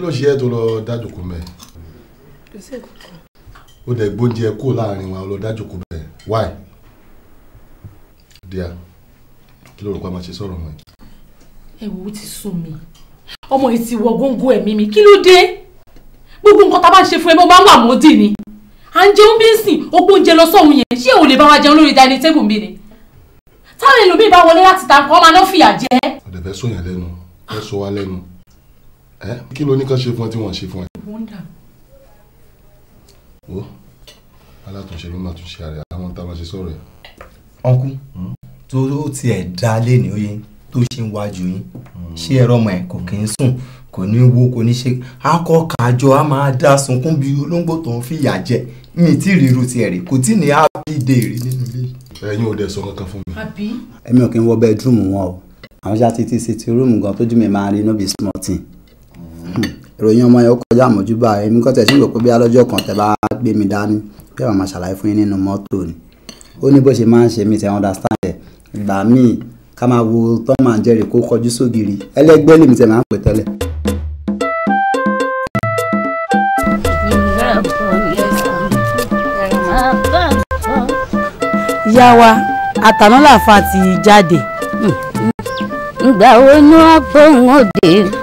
ló ṣe ẹ́ tó lọ dájòkó mẹ́. O sí nǹkan. ó dẹ̀ gbóúnjẹ kó láàrin wa lọ dájòkó mẹ́ why. díà kí ló rò pé a máa ṣe sọ̀rọ̀ wọn. ẹ wo ti sùn mi ọmọ yìí ti wọ góńgó ẹ̀mí mi kí ló dé gbogbo nǹkan tá a bá ń ṣe fún ẹ mo máa ń wà mọ́dì ni à ń jẹun bí ń sìn ogún oúnjẹ lọ sọ́hun yẹn ṣé òun lè bá wa jẹun lórí dining table mi ni táwọn èlòmíì bá wọlé láti ta nǹkan ọmọ náà fìyà jẹ. ọ̀dẹ̀ fẹ́ sọ yẹn lẹ́nu fẹ́ sọ wa lẹ́nu ẹ kí ló ní kán ṣe fún ẹ tí wọ́n ṣe fún ẹ. wọ́ndà. wo alátúnṣe ló máa tún ṣe àrẹ àwọn tá a máa ṣe sọ̀rọ̀ ẹ. ọ̀nkú hmm? tó o tiẹ̀ dá lẹ́nu oyè tó ṣe ń wájú yín hmm. ṣé ẹ̀rọ ọmọ ẹ̀ kò kí ń sùn kò ní wo kò ní ṣe akọ kájọ a máa dá sunkún bí olóńgbò tó ń fìyà jẹ mi tí ríru tiẹ̀ rí kò tí ní happy day rí nínú ilé. ẹ̀yin ò dẹ̀ sọ kankan fún mi. àbí. èmi ò kí ń wọ bẹ́ẹ̀dúrúmù wọn o àwọn ṣáà ti ti ṣe ti rúùmù gan tójú mi máa rí no small thing ìròyìn ọmọ yẹn ó kọjá àmójúbà èmi kọ́ tẹ̀sí rò pé bí alọ́jọ́ kan tẹ bá gbé mi dání pé màmá ṣàlàyé fún yín nínú mọ́tò ni ó ní bó ṣe máa ń ṣe mí tẹ understand ẹ̀ ìgbà míì ká máa wo Tom and Jerry kó kọjú sógiri ẹlẹ́gbẹ́ lèmi tẹ máa ń pè tẹ́lẹ̀. ìyá wa àtànúlàfà ti jáde. ìgbà wo ni wọ́n gbóhùn òde.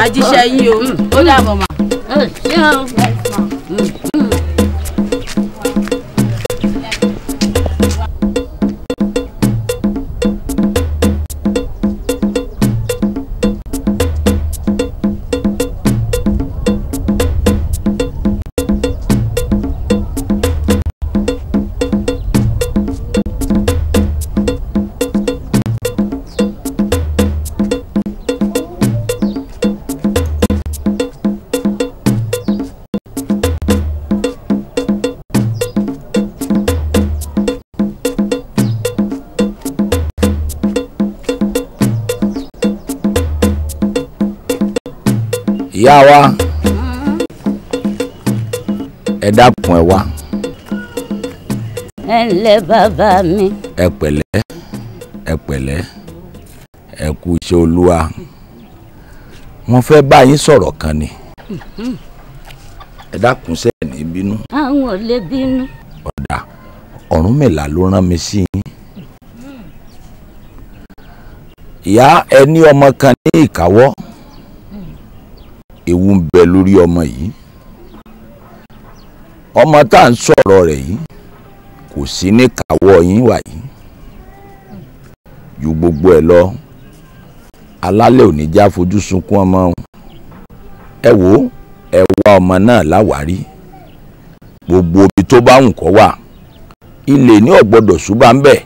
máa jíṣẹ́ yín o mm. ó dàbọ̀ mà. Mm. Mm. ìyá wa ẹ dákun ẹ wá. ẹ ǹlẹ́ bàbá mi. ẹ pẹ̀lẹ́ ẹ pẹ̀lẹ́ ẹ kú iṣẹ́ olúwa wọ́n fẹ́ bá yín sọ̀rọ̀ kan ni ẹ dákun sẹ́ẹ̀ ní bínú. àwọn ò lè bínú. ọ̀dà Ọ̀rúnmìlà ló rán mi sí yín. ìyá ẹ ní ọmọ kan ní ìkáwọ́ ewu ń bẹ lórí ọmọ yìí ọmọ tá à ń sọ̀rọ̀ rẹ̀ yìí kò sí ní kàwọ́ yín wà yìí ju gbogbo ẹ̀ lọ alálẹ̀ ò ní já fojú sunkún ọmọ ẹ wò ẹ wá ọmọ náà láwárí gbogbo ibi tó bá wùn kó wà ilé ní ọ̀gbọ́dọ̀ ṣùgbà ń bẹ̀.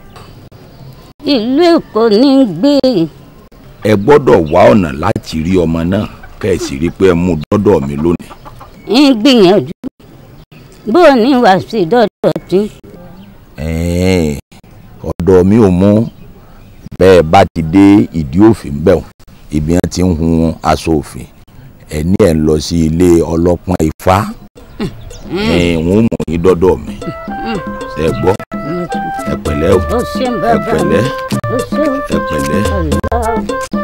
ìlú èkó ní gbé. ẹ gbọ́dọ̀ wá ọ̀nà láti rí ọmọ náà kẹ́sì rí pé ẹ mú dọ́dọ̀ mi lónìí. ń gbìyànjú bó o ní wàá sí dọ́dọ̀ tí. ọ̀dọ̀ mi ò mú bẹ́ẹ̀ bá ti dé ìdí òfin bẹ́ẹ̀ o ibi wọn ti ń hun aṣọ òfin ẹ ní ẹ ń lọ sí ilé ọlọ́pàá ifá wọn mú yín dọ́dọ̀ mi ẹ gbọ́ ẹ pẹ̀lẹ́ ẹ pẹ̀lẹ́ ẹ pẹ̀lẹ́.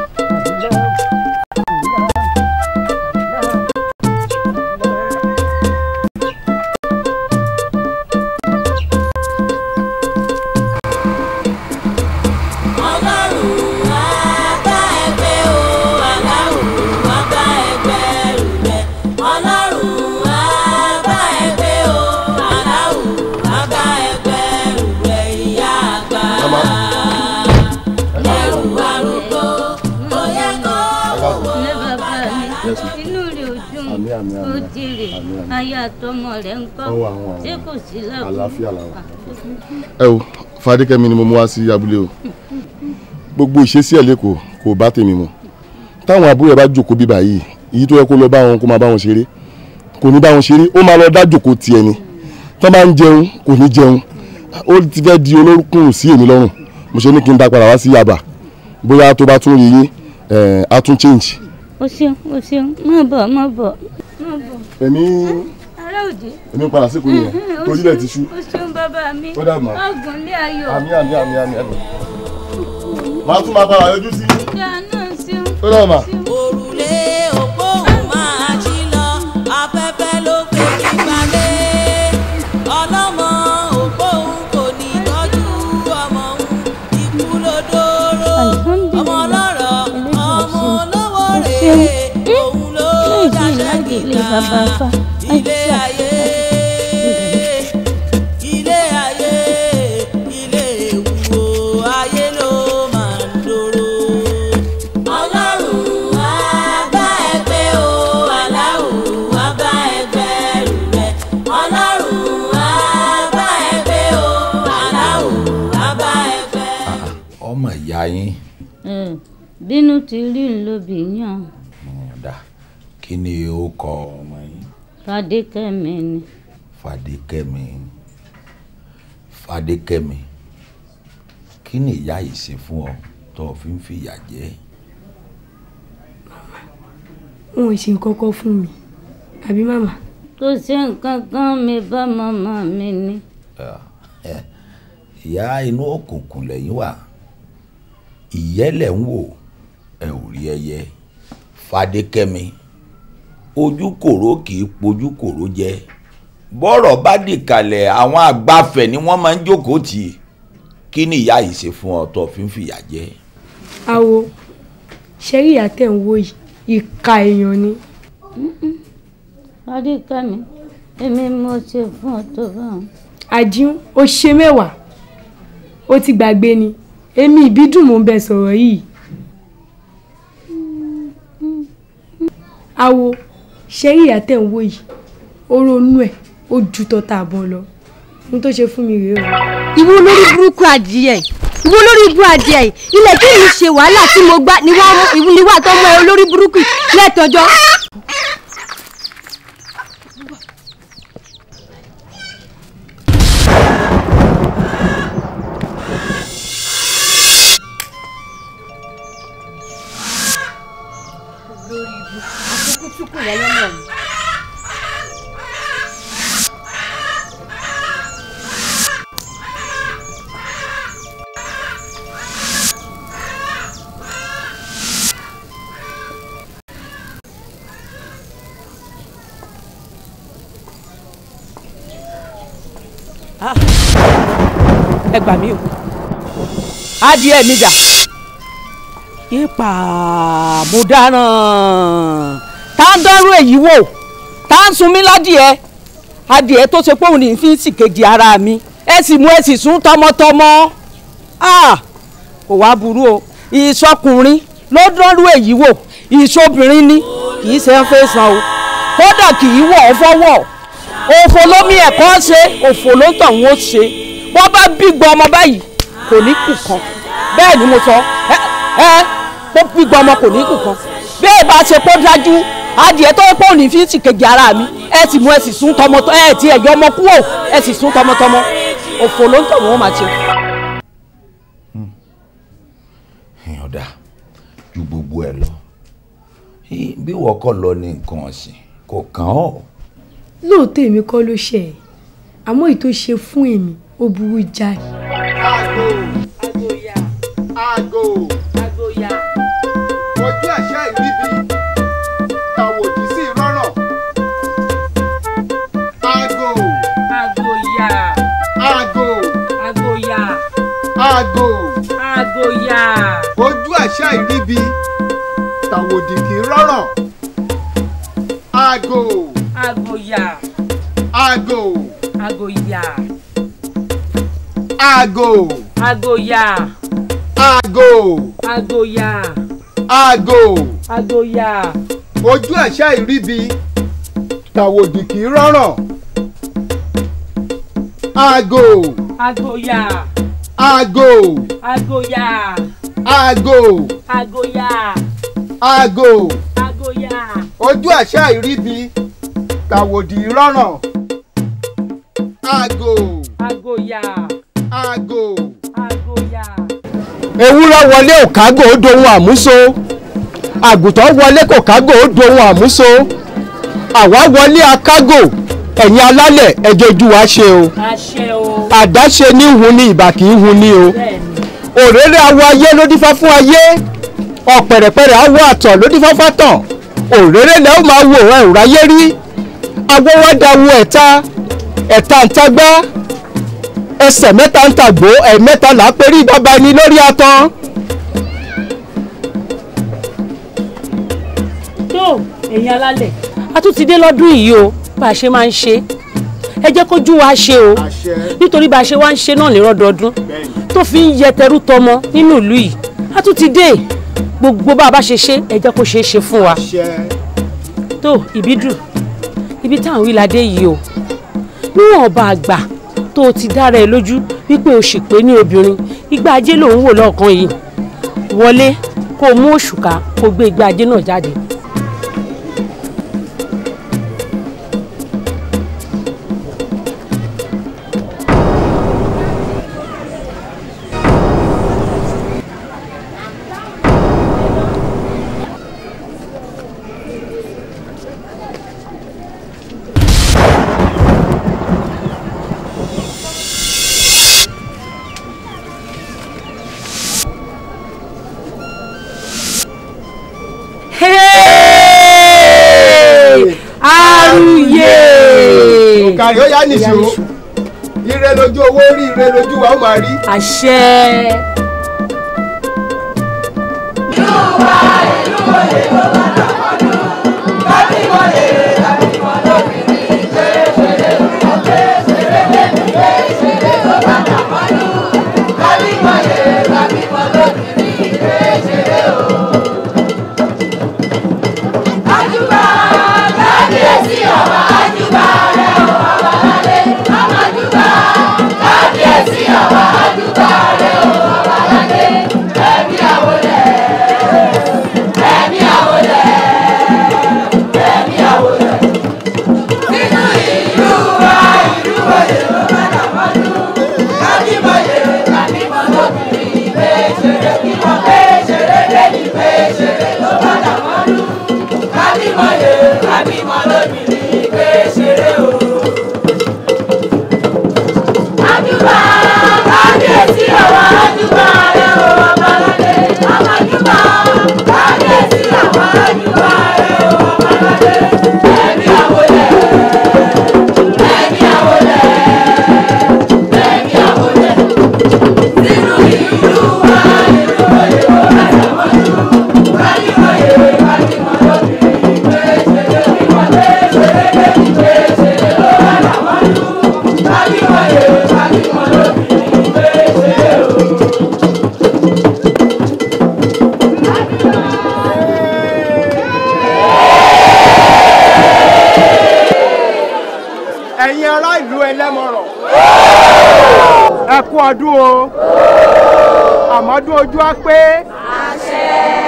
léèrè aya àtọmọ rẹ ń kọ́ ṣé kò sí láàbù. ẹ o fadékẹ́mi ni mo mú wá sí abúlé o gbogbo ìṣesí ẹ̀ lẹ́kọ̀ọ́ kò bá tèmi mu táwọn àbúrò ẹ bá jókòó bíbà yìí èyí tó yẹ kó lọ bá wọn kó máa bá wọn ṣeré kò ní bá wọn ṣeré ó máa lọ dá jókòó tiẹ̀ ni tó bá ń jẹun kò ní jẹun ó ti fẹ́ di olórúkún sí èmi lọ́rùn mo ṣe ní kí n dá padà wá sí yaba bóyá tó bá tún rí yín á tún change. o ṣeun o ṣeun má bọ̀ má bọ̀ má bọ̀ èmi hmm? èmi padà sí ìkúnlẹ̀ yẹn torí ilẹ̀ ti o ṣeun bàbá mi ọgùn lé ayọ̀. àmì àmì àmì àmì àmì. màá tún máa bá wa yọjú sí. ìyá náà ṣeun. ó dàbọ̀ mà. nìkan ilé ayé ilé ayé ilé ewu ayé ló máa ń dòrò. ọlọ́run wá bá ẹ o aláwọ̀ wá bá ẹ rẹ̀ ọlọ́run wá bá ẹ o aláwọ̀ wá bá ẹ bẹ̀rù. ọmọ ìyá yín. Hmm. bínú ti rí ń lóbi yàn. ọ̀dà kí ni ó kọ ọmọ yìí. fadékẹ́mi ni. fadékẹ́mi fadékẹ́mi kí ni ìyá yìí ṣe fún ọ tó o fi ń fìyà jẹ. wọn ò ṣe kọ́kọ́ fún mi àbí màmá. kò ṣe nǹkan kan mi bá màmá mi ni. ìyá inú òkùnkùn lẹ́yìn wà ìyẹ́lẹ̀ ń wò ẹ ò rí ẹyẹ fadékẹ́mi pojú kòró kì í pojú kòró jẹ bọ́rọ̀ bá dìkalẹ̀ àwọn àgbàfẹ́ ni wọ́n máa ń jókòó tì í kí ni ìyá yìí ṣe fún ọ tó fi ń fìyà jẹ. awo ṣẹ́rí ìyá tẹ̀ ń wo ìka èèyàn ni. adékàmí èmi mo ṣe fún ọ tó bá wọn. àjíǹ ó ṣe mẹ́wàá ó ti gbàgbé ni èmi ìbídùn mò ń bẹ sọ̀rọ̀ yìí. awo ṣẹ́yìn ìyá tẹ̀ ń wò yìí ó ronú ẹ̀ ó ju tọ́ta àbọ̀n lọ ní tó ṣe fún mi rèé o. ìwọ olórí burúkú adìyẹ ìwọ olórí ibú adìyẹ ilẹ̀ tí mi ṣe wàhálà tí mo gbá ni wàá tó mọ olórí burúkú lẹ́tọ̀jọ́ adìẹ mi ipa mo dáràn tá a dárò èyí wò tá a sun mí ládìẹ adìẹ tó ṣe pé òun ní fi ń sì kejì ara mi ẹ sì mú ẹ sì sún tọmọtọmọ ah, kò wá burú o ìṣọkùnrin ló dárò èyí wò ìṣobìnrin ni kì í ṣe ń fẹsàn o kódà kì í wọ̀ ọ́ fọwọ́ òfò lómi ẹ̀kọ́ ṣe òfò ló ń tọ̀ ṣe wọ́n bá bí gbọ́ ọmọ báyìí kò ní kù kan bẹ́ẹ̀ ni mo sọ ẹ ẹ pé gbígbọ́ ọmọ kò ní kù kan bẹ́ẹ̀ bá ṣe pọ́ dájú adìẹ tó pọ̀ ní fíìsì kejì ara mi ẹ sì mú ẹ sì sún tọmọtọmọ ẹ ti ẹ̀yọ́ ọmọ kúrò ẹ sì sún tọmọtọmọ òfò ló ń tọ̀ wọ́n máa ṣe. ọ̀dà hmm. ju gbogbo ẹ lọ bí ìwọ kọ́ lọ ní nǹkan ọ̀sìn kò kàn ọ́. lóòótọ́ èmi kọ́ ló ṣe é àmọ́ èyí ṣe fún èmi ó burú jáì aago aago yá ojú àṣà ìríbi àwòdì sí rọ́rọ̀ aago aago yá aago aago yá aago aago yá ojú àṣà ìríbi tàwòdì kì í rọ́rọ̀ aago aago yá aago aago yá aago aago yeah aago. agoya. aago. agoya. ojú àṣà ìríbi tàwòdì kì í rọ́rọ̀. aago. agoya. aago. ya. aago. agoya. aago. agoya. ojú àṣà ìríbi tàwòdì rọ́rọ̀. aago. ya. aago ewúrẹ́ wọlé ò kágò ó dohun àmúso àgùntàn wọlé kò kágò ó dohun àmúso àwa wọlé akágò ẹ̀yin alálẹ̀ ẹjọ́ ojú wa ṣe o àdáṣe ní hun ni ìbà kì í hun ni o òréré awọ ayé ló dífá fún ayé ọ̀pẹ̀rẹ̀pẹ̀rẹ̀ awọ àtọ̀ ló dífá fátàn òréré lẹ́ ó máa wo ẹ̀rọ ayé rí awọ́wọ́dáwọ ẹ̀ta ẹ̀ta ń tagbá ẹsẹ̀ mẹ́ta ń tàgbó ẹ̀mẹ́ta là á perí bàbá ẹni lórí atán. tó ẹ̀yin alálẹ̀ a tún ti dé lọ́dún yìí o bá a ṣe máa ń ṣe ẹ jẹ́ kójú wa ṣe o nítorí bá a ṣe wá ń ṣe náà lérọ́dọọdún tó fi ń yẹ tẹrú tọmọ nínú ìlú yìí a tún ti dé gbogbo bá a bá ṣe ṣe ẹ jẹ́ kó ṣeé ṣe fún wa tó ìbí dùn ibi táwọn wí la dé yìí o níwọ̀n ọba àgbà tó o ti dára ẹ lójú wípé o sì pé ní obìnrin igbá ajé lòun wò lọ́ọ̀kan yìí wọlé kó o mú òṣùká kó o gbé igbá ajé náà jáde yá nìṣó ire lójú owó rí ire lójú wa ó máa rí. àṣẹ.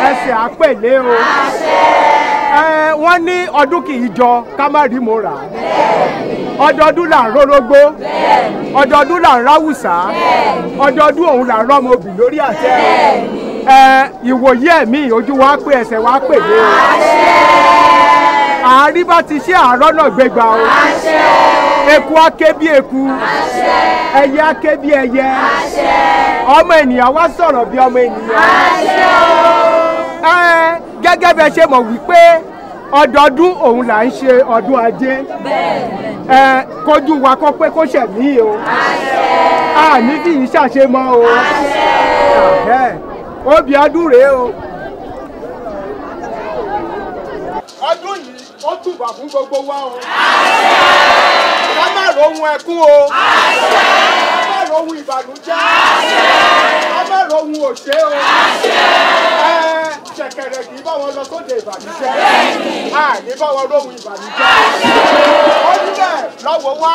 ẹsẹ̀ àpèlé o ẹ wọ́n ní ọdún kì í jọ ká má rí mo rà ọdọọdún là ń ọdọọdún là ń ráwùsà ọdọọdún òun là ń lórí àtẹ ẹ ìwòye ẹ̀mí ojú wa pé ẹsẹ̀ o àárí bá ti ṣe àárọ̀ náà o eku ake bí eku ẹyẹ bí ẹyẹ ọmọ ènìyàn wá sọ̀rọ̀ bí ọmọ ènìyàn. gẹ́gẹ́ bẹ́ẹ̀ ṣe mọ̀ wípé ọdọọdún òun là ń ṣe ọdún ajé kojú wa kọ́ pé kó ṣẹ̀mí o àní kì í ṣàṣemọ́ o obì ọdún rèé o. ọdún yìí ó túbọ̀ fún gbogbo wa o. ká má rohun ẹkún o. ká má rohun ìbànújẹ́. ká má rohun òṣè o ṣẹ̀kẹ̀rẹ̀ kì í bá wọn lọ sóde ìbànújẹ́ àní bá wọn lóhùn ìbànújẹ́ ó lọ́wọ́ wá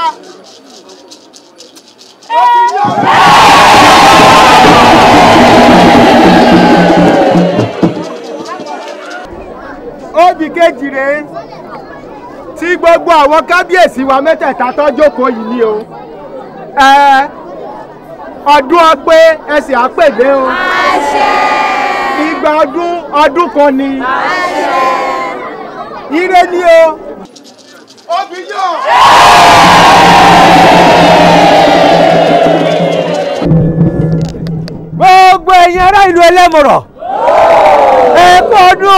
obì kejì rèé tí gbogbo àwọn kábíyèsí wa mẹ́tẹ̀ẹ̀ta tó jókòó yìí ni o ọdún ọpẹ ẹsẹ̀ àpèdè o ìgbà ọdún ọdún kan ni ire ni o. obì yọ. gbogbo ẹ̀yin ará ìlú ẹlẹ́mọ̀rọ̀ ẹ kú ọdún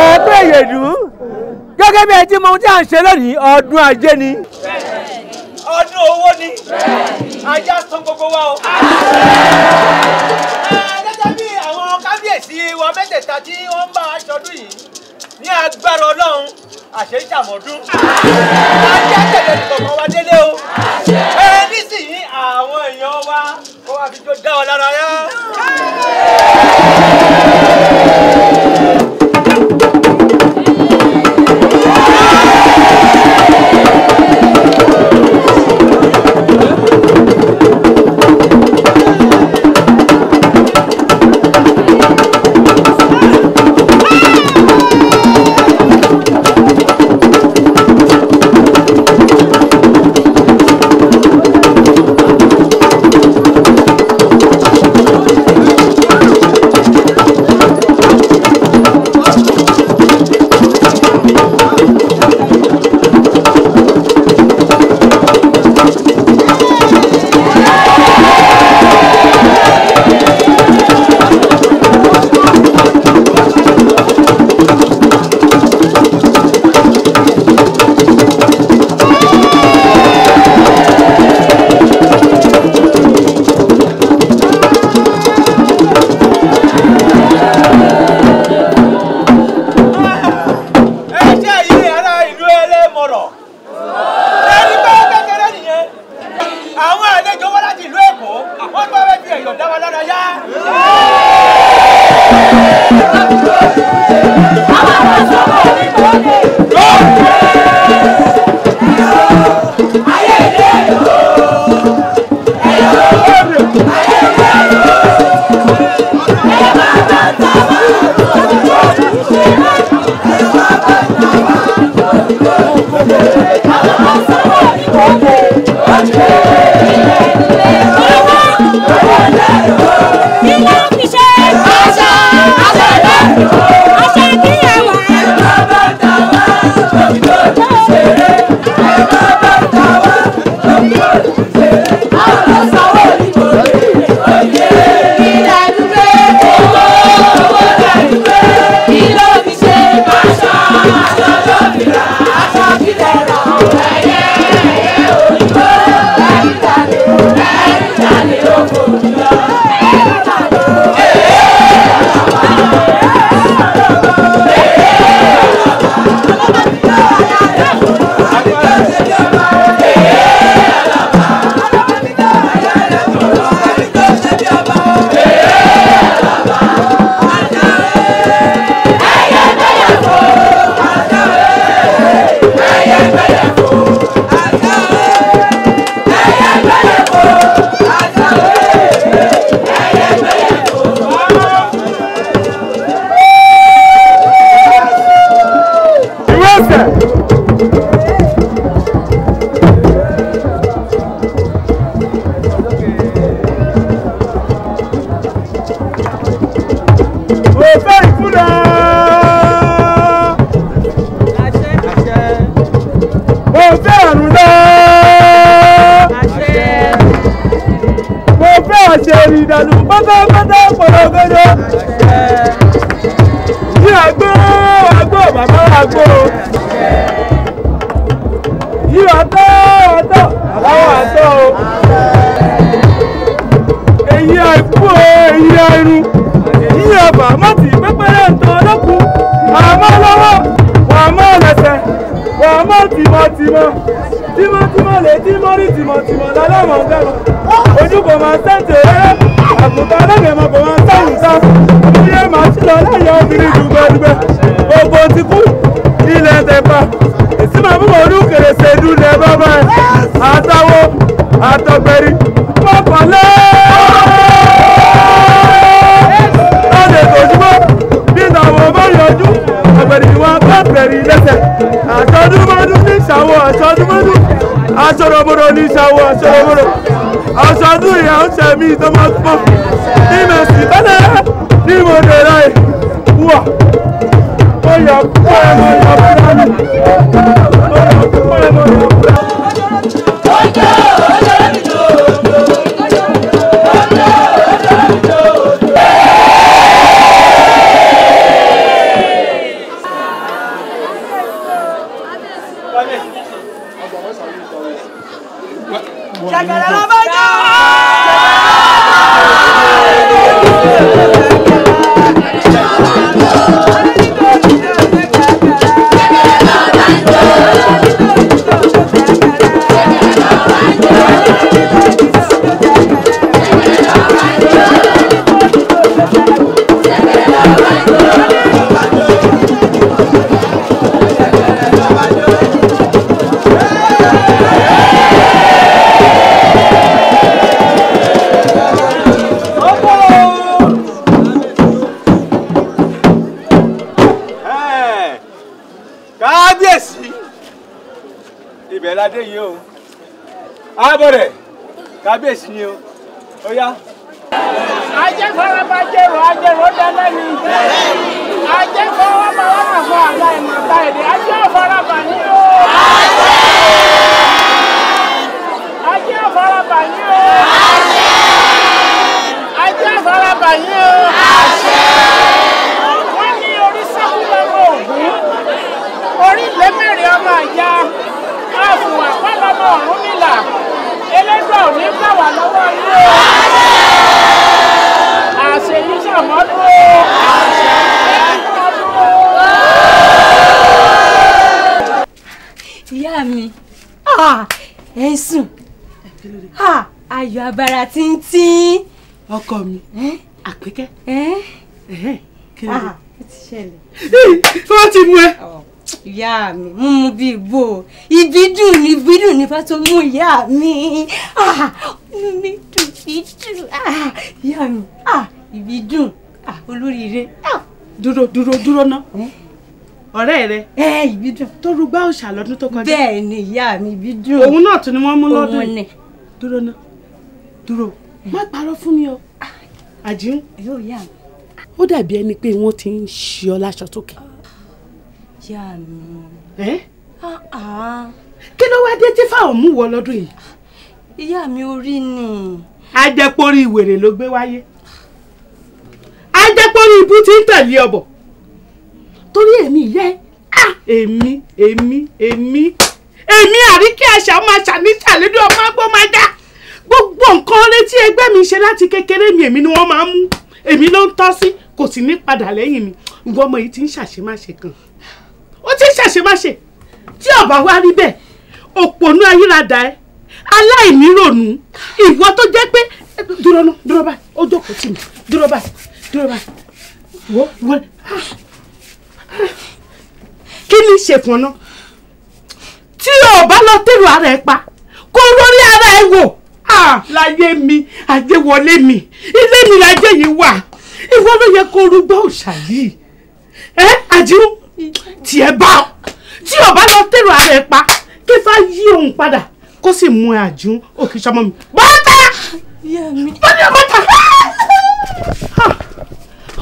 o ẹ kú èyèdú gẹ́gẹ́ bí ẹ ti mọ ohun tí à ń ṣe lónìí ọdún ajé ni ọdún owó ni ajá san gbogbo wa o ìwọ mẹ́tẹ̀ẹ̀ta tí wọ́n ń bá a ṣọdún yìí ní agbára ọlọ́run àṣeyítàmọ́dún. ajé àtẹ̀lẹ́ nìkọ̀ọ̀kan wa délé o. ẹ nísìnyí àwọn èèyàn wa kó wá fi jó dá ọ lára yá. àgbo. Yí ọ̀tọ̀ ọ̀tọ̀ àláwọ̀ àtọ̀ o. Èyí àìkú o, èyí àìrùn. Yí ọ̀bà má ti pépéré ntọ́ lọ́kùn. Wàá má lọ́wọ́, wàá má lẹ́sẹ̀, wàá má tìmọ̀tìmọ̀. Tímọ́tímọ́ lè tí mọ́rí tìmọ̀tìmọ̀ lálọ́mọ̀ ń bẹ̀rù. Ojú kò máa tẹ̀tẹ̀ rẹ́rẹ́. Àgùntàn ọlọ́gbẹ̀mọ̀ kò máa tẹ̀wù sá. Ilé màá ṣì lọ lẹ́yìn obìnrin dùgbẹ́dùgbẹ́. Gbogbo ti kú àbúrò kèrèsè dúlẹ̀ bàbá ẹ̀ àtàwọn àtọ̀gbẹ̀rì pọ̀pọ̀lẹ́. lọ́dẹ̀ tòjúmọ́ nígbà wo bá yọjú ọ̀gbẹ̀rì wa bá bẹ̀rì lẹ́sẹ̀ àtọ́dúnmọ́dún ní ìṣàwọ̀ àtọ́dúnmọ́dún aṣọ́rọ̀bọ̀rọ̀ ní ìṣàwọ̀ aṣọ́rọ̀bọ̀rọ̀ aṣọ́dún ìyá ń ṣe mí tó máa pọ̀ ní mẹ̀sì bẹ́lẹ̀ ní mo dé láì wà ó yà pé mo yà pé lálẹ́. ládé yìí o àbọ̀rẹ̀ kábíyèsí ni o ó yá. ajẹ́kọ̀ọ́ máa jẹ̀rọ ajẹ́rọ dáná ni ajẹ́kọ̀ọ́ máa wà fún àgbà ìmọ̀ta èdè ajẹ́ ọ̀farabà ni o. ajẹ́ ọ̀farabà ni o. ajẹ́ ọ̀farabà ni o. wọ́n ní orí sábúlọ́mọ ògún orí lẹ́mẹ̀rẹ̀ ọmọ àjà ọmọ Ọ̀rúnmìlà elédùà ò ní gbà wá lọ́wọ́ yín o àṣeyí ṣàmọ́dún o ìyá mi ẹ sùn ayọ̀ abara tíntín. ọkọ mi àpékẹ́ kí ló dé. wọ́n ti mú ẹ ìyá mi mú mú bí ibo ìbídùn ni ìbídùn ni fẹ́ tó mú ìyá mi ah, mi dùn ìbídùn ah, ìyá mi ìbídùn ah, olóríire dúró dúró dúró ná hm? ọ̀rẹ́ rẹ ẹ ìbídùn tó rúgbà òòṣà lọ́dún tó kọjá bẹ́ẹ̀ ni ìyá mi ìbídùn òun náà tún ni wọ́n mú lọ́dún òun ni dúró ná dúró hm. má parọ́ fún mi o àjíǹ ó dàbí ẹni pé wọ́n ti ń ṣe ọ láṣọ tó ìyá mi. ẹ. Ah, ah. kí ló wá dé tí fáwọn mú wọ lọ́dún yìí. ìyá mi orí ni. ajẹpọrí ìwèrè ló gbé wáyé ajẹpọrí ibú ti ń tẹ̀lé ọbọ̀ torí èmi ìyá ẹ ah, èmi èmi èmi èmi àríkẹ́ àṣà máa ṣàníṣà lédè ọmọ agbó máa dá gbogbo nǹkan létí ẹgbẹ́ mi ṣe láti kékeré mi èmi ni wọ́n máa ń mú èmi ló ń tọ́ sí kò sì ní padà lẹ́yìn mi ìwọ ọmọ yìí ti ń ṣàṣemáṣe kan ó ti ń ṣàṣemáṣe tí ọba wa rí bẹ́ẹ̀ òpònú ayíradà ẹ aláìníròònú ìwọ tó jẹ́ pé dúró ná dúró báyìí ó jókòó tì mí dúró báyìí dúró báyìí wọ́n wọ́n kí ni ṣèkùn náà tí ọba lọ tẹ̀rù ara ẹ pa kó lórí ara ẹ wò láyé mi àjẹwọlé mi ilé mi lájẹ yìí wà ìwọ ló yẹ kó rúgbọ́ òòṣà yìí ẹ àdìrún tí ẹ bá ọ tí ọba lọ tẹ̀rọ ara ẹ pa kí fá yí òun padà kó sì mú àjùn òkè sọmọ mi. bọ́tà bọ́tà bọ́tà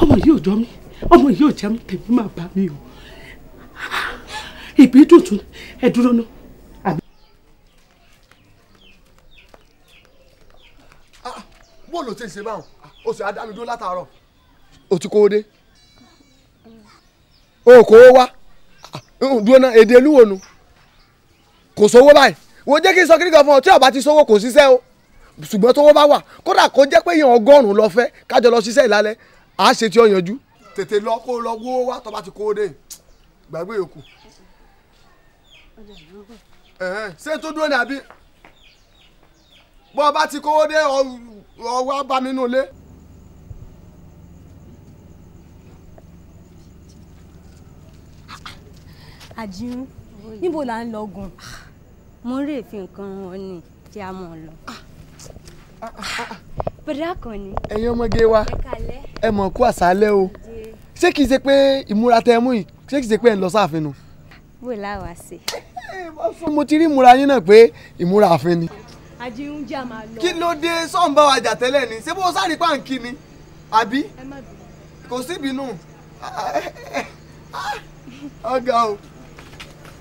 ọmọ yìí ò jọ mí ọmọ yìí ò jẹ́ mi tèmi máa bá mi o ìbí dùn tún ẹ dúró náà. bọ́ọ̀lù tí ì ṣe báwọn o sì látàárọ̀ o ti kó o dé o kò wá ah, dúró náà èdè olúwo nu kò sówó báyìí wo jẹ́ kí n sọ kíríkan fún ọ tí ọba ti sówó kò ṣiṣẹ́ o ṣùgbọ́n tówó bá wà kódà kó jẹ́ pé èèyàn ọgọ́rùn-ún lọ fẹ́ kájọ lọ ṣiṣẹ́ ìlálẹ́ à á ṣe tí ó yanjú. tètè lọ kó lọ wó wá tọba ti kó o dé gbàgbé yòókù. ṣé tó dúró ní àbí bọ́ ọba ti kó o dé ọwọ́ bá mi nù lé. àjírún níbo là ń lọ gùn. Ah, mo ń rèé fi nǹkan wọn tí a mọ̀ lọ. Ah, ah, bọ̀dá kan ni. ẹ̀yin ọmọge wa ẹ mọ̀ kú àṣálẹ́ o ṣé kìí ṣe pé ìmúra tẹ mú yìí ṣé kìí ṣe pé ẹ ń lọ sáàfin nu. wò láwa ṣe. Eh, mo ti rí ìmúra yín náà pé ìmúra àfin ni. àjírún jẹ́ àmà lọ. kí ló dé sọ́ọ̀n bá wa jà tẹ́lẹ̀ ni ṣé bó sáré pàǹkì ni àbí kò síbínú eh, eh, ọgá o.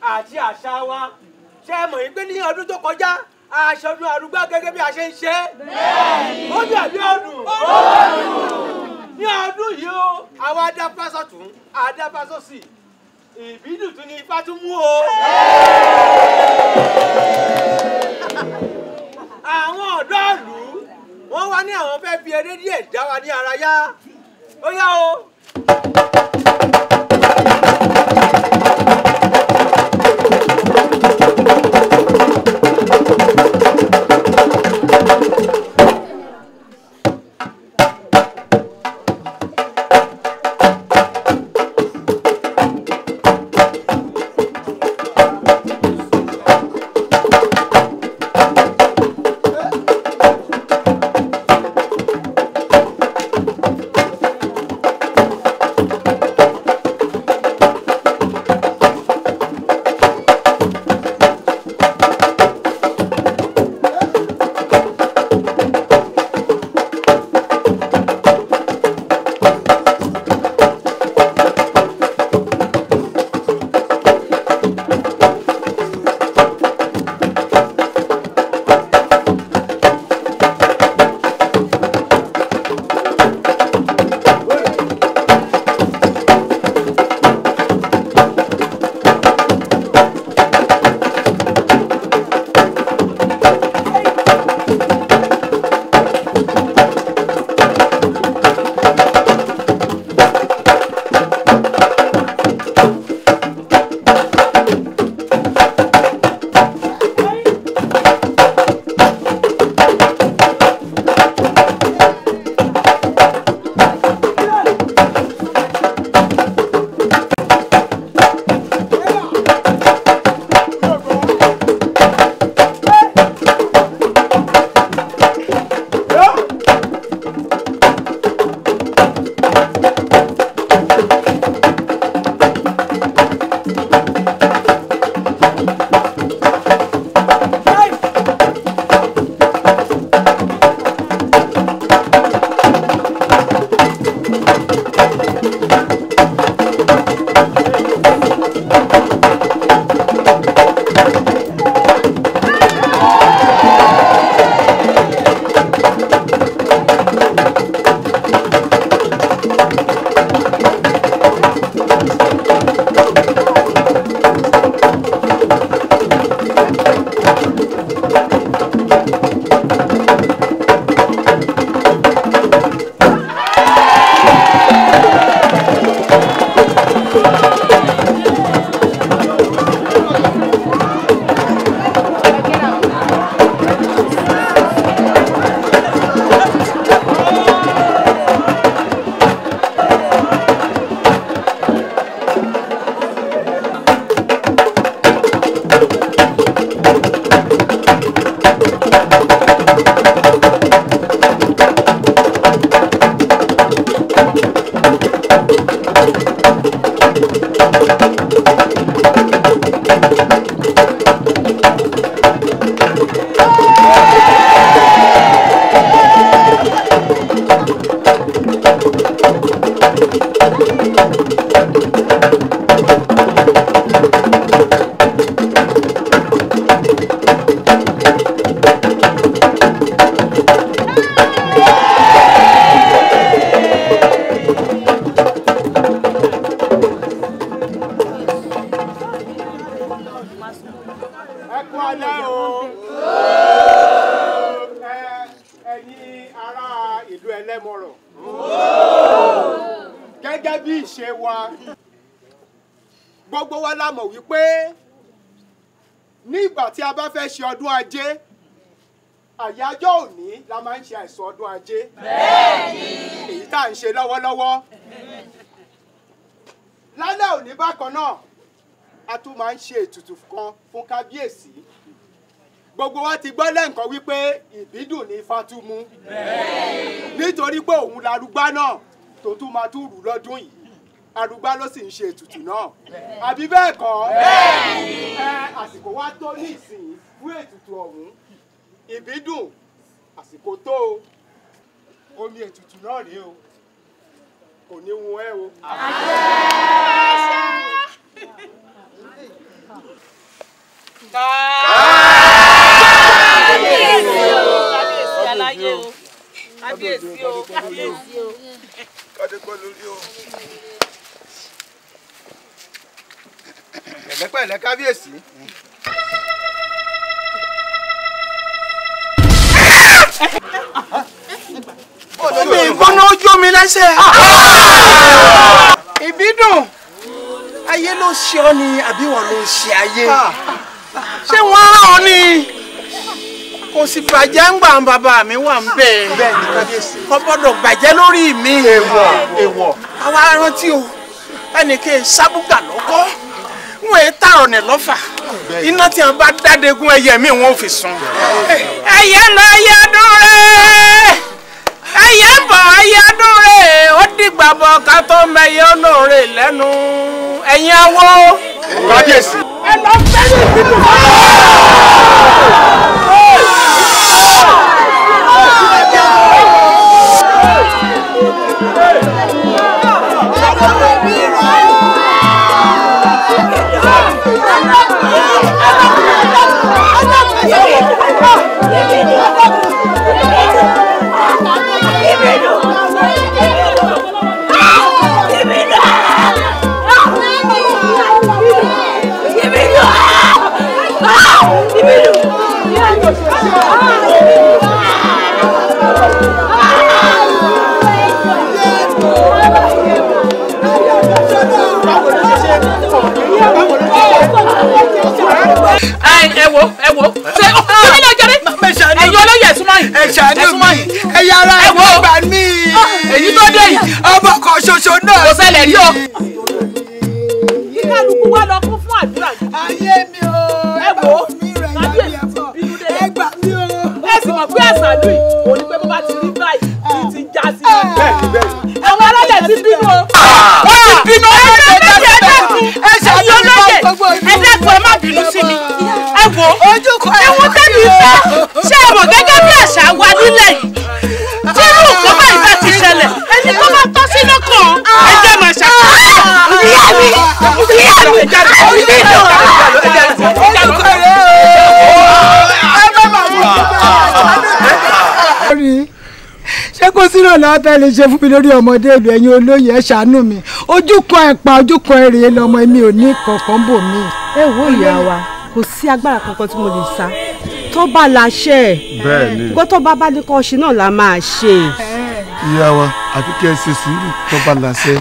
àti àṣà wa ṣé ẹ mọ̀ yín pé ní ọdún tó kọjá aṣọdún arúgbó gẹ́gẹ́ bí a ṣe ń ṣe é. bẹ́ẹ̀ni ó dàbí ọdún. ọdún. ní ọdún yìí o àwa dá pásọ tún àdá pásọ sí ìbídùn tún ní ipá tún mú o. àwọn ọ̀dọ́ ìlú wọ́n wá ní àwọn fẹ́ fi eré díẹ̀ dá wa ní ara yá ó yá o. ọdún ajé àyájọ́ òní la máa ń ṣe àìsàn ọdún ajé èyí tá à ń ṣe lọ́wọ́lọ́wọ́ lálẹ́ òní bákan náà a tún máa ń ṣe ètùtù kan fún kábíyèsí gbogbo wa ti gbọ́ lẹ́ǹkan wípé ìbídùn ní ifá tún mú nítorí pé òun larúgbá náà tó tún máa tún rù lọ́dún yìí arúgbá ló sì ń ṣe ètùtù náà àbí bẹ́ẹ̀ kọ́ ẹ àsìkò wa tó ní ìsìn òbí dùn àsìkò tó o omi ètùtù náà rèé o kò ní wun ẹ o. kábíyèsí o kábíyèsí aláyé o kábíyèsí o kábíyèsí o. kádékọ́ lórí o. pẹ̀lẹ́pẹ̀lẹ́ kábíyèsí. omi ìgbóná ojú omi lẹ́sẹ̀. ìbídùn ayé ló ṣe ọ́ ni àbí wọ́n ló ṣe ayé ṣé wọ́n rán ọ ni kò sì bàjẹ́ ń gbà bàbá mi wà ń bẹ̀ kò gbọ́dọ̀ bàjẹ́ lórí mi. èèwọ̀ èèwọ̀. àwa rántí o ẹnì kejì sábúgbà lọ́kọ́. wọn ẹ tààrọ lọfà iná tí wọn bá dádegun ẹyẹ mi won fi sun. ẹyẹ na ẹyẹ dún rẹ ẹyẹ bọ ẹyẹ dún rẹ ó dìgbà bọ ká mẹyẹ awo. ẹ wo ẹ wo ṣe ó ní lọ jẹrẹ ẹ̀yin olóyè ẹsùn mọyì ẹsùn mọyì ẹ̀yin ara ẹ wo gbà mí ah, èyí tó dé yìí ọmọ kan ṣoṣo náà kò ṣẹlẹ̀ rí o. kíkálukú wá lọ kún fún àdúrà. ayé mi o mí o. ẹ sì mọ̀ pé àṣà lùi òní pé bó bá ti rí ewu tẹ́lẹ̀ ìfẹ́ ṣé ẹ mọ̀ gẹ́gẹ́ bí àṣà wa nílẹ̀ yìí tí irú nǹkan bá ìfẹ́ ti ṣẹlẹ̀ ẹni tó bá tọ́ sí lọ́kàn ẹ jẹ́ màá ṣàkóso. ìyá mi ìyá mi àti mi lò. ṣé kò sí ìrànlọ́wọ́ tẹ́ lè ṣe fún mi lórí ọmọdé ìlú ẹ̀yin olóyè ẹ̀ ṣàánú mi ojú kan ẹ̀pà ojú kan ẹ̀rẹ̀ lọmọ mi ò ní kankan bò mí. ẹ wo ìyá wa kò sí agbára kankan tí mo lè sá tó bá láṣẹ kó tó bá bá ní kó ṣe náà la máa ṣe. ìyá wa àfi kí ẹ ṣe sùúrù tó bá láṣẹ.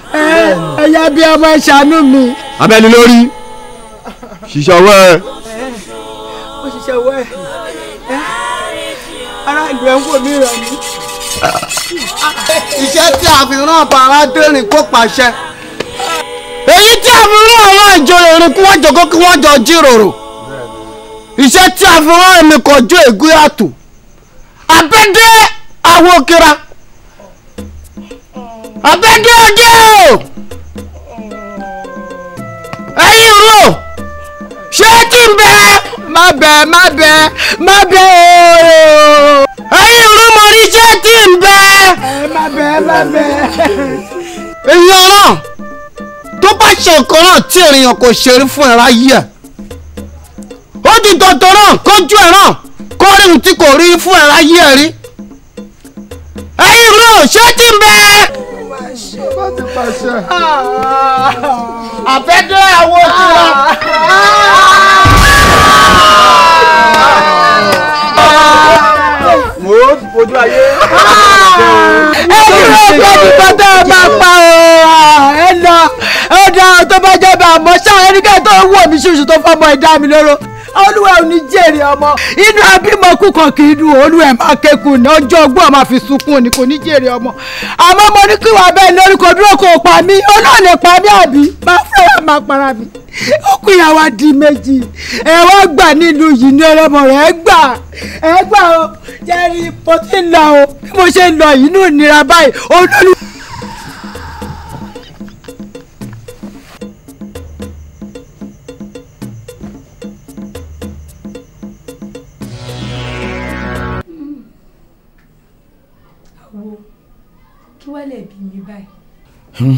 ẹyà bí ọmọ ẹ ṣàánú mi. abẹ́ni lórí ṣiṣẹ́ ọwọ́ ẹ. ó ṣiṣẹ́ ọwọ́ ẹ ara ìlú ń wò mí rà mí. iṣẹ́ tí a fi rán bàrà dẹ́rìn kó pàṣẹ. èyí tí a fi rán àwọn ìjọ ìrìn kí wọ́n jọ kó kí wọ́n jọ jíròrò iṣẹ́ tí a fi rán ẹ̀mí kọjú ègún yàtọ̀ abẹ́dẹ́ àwọn òkèrà abẹ́dẹ́ ọjọ́ ẹ̀yìn rò ṣé kí n bẹ má bẹ má bẹ má bẹ ooo ẹ̀yìn rò mo rí ṣé kí n bẹ. má bẹ má bẹ. èyí ọ̀ràn tó bá ṣe nǹkan náà tí èèyàn kò ṣe rí fún ẹ̀ láyé ẹ̀ ó ti tọ̀tọ̀ náà kójú ẹ̀ náà kó rí ohun tí kò rí fún ẹ̀ láyé ẹ̀ rí. ẹ̀yin rò ṣé ti ń bẹ. àfẹ́dọ́ àwọn ojú wa. mo fojú ayé. ẹ̀yin rò ṣé ti tọ́tọ̀ máa pa ọ́ ẹ̀ lọ ó dáa tó bá jẹ́ bá a mọ̀ ṣáà ẹnikẹ́ni tó ń wò mí ṣíṣù tó fọ́ ọmọ ẹ̀dá mi lóró olúwa ò ní jèrè ọmọ inú abímọ kú kan kì í dùn olúwa ẹ̀ máa kékun ní ọjọ́ ogbó máa fi sunkún ni kò ní jèrè ọmọ àmọ́ mo ní kí wà bẹ́ẹ̀ lórí kò dúró kò pa mí olóò lè pa mí àbí máa fẹ́ràn máa para mi ó ìyàwó di méjì ẹ wá gbà nílùú yìí ní ọlọ́mọ rẹ̀ ẹ gbà ẹ gbà ó jẹ́rìí mo ti ń lọ o bí mo ṣe ń lọ yìí ní òníra báyìí olólùfẹ́. lè bí mi báyìí. Hm,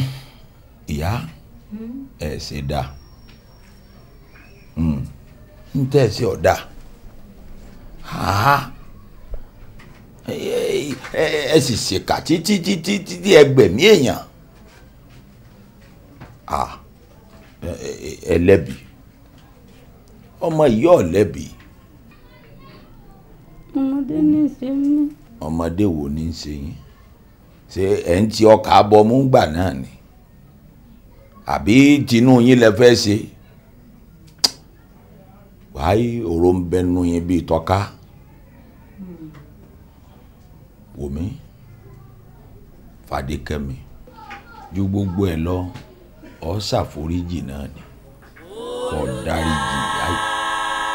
ìyá hm? ẹ ṣe dáa ntẹẹsị tẹ̀sí ọ̀dà ẹ sì ṣèkà títí títí títí ẹgbẹ̀mí èèyàn ẹlẹ́bi ọmọ ìyá ọ̀lẹ́bi. ọmọdé ní í ṣe ọmọdé wo ní í ṣe ṣé ẹ̀ ń ti ọkà abọ́mú gbà náà ni àbí tinú yín lẹ fẹ́ ṣe wáyé òró ń bẹnu yín bíi tọ́ka wòmí fàdékẹ́mi ju gbogbo ẹ̀ lọ ọ ṣàforíjì náà ni kò dáríjì láì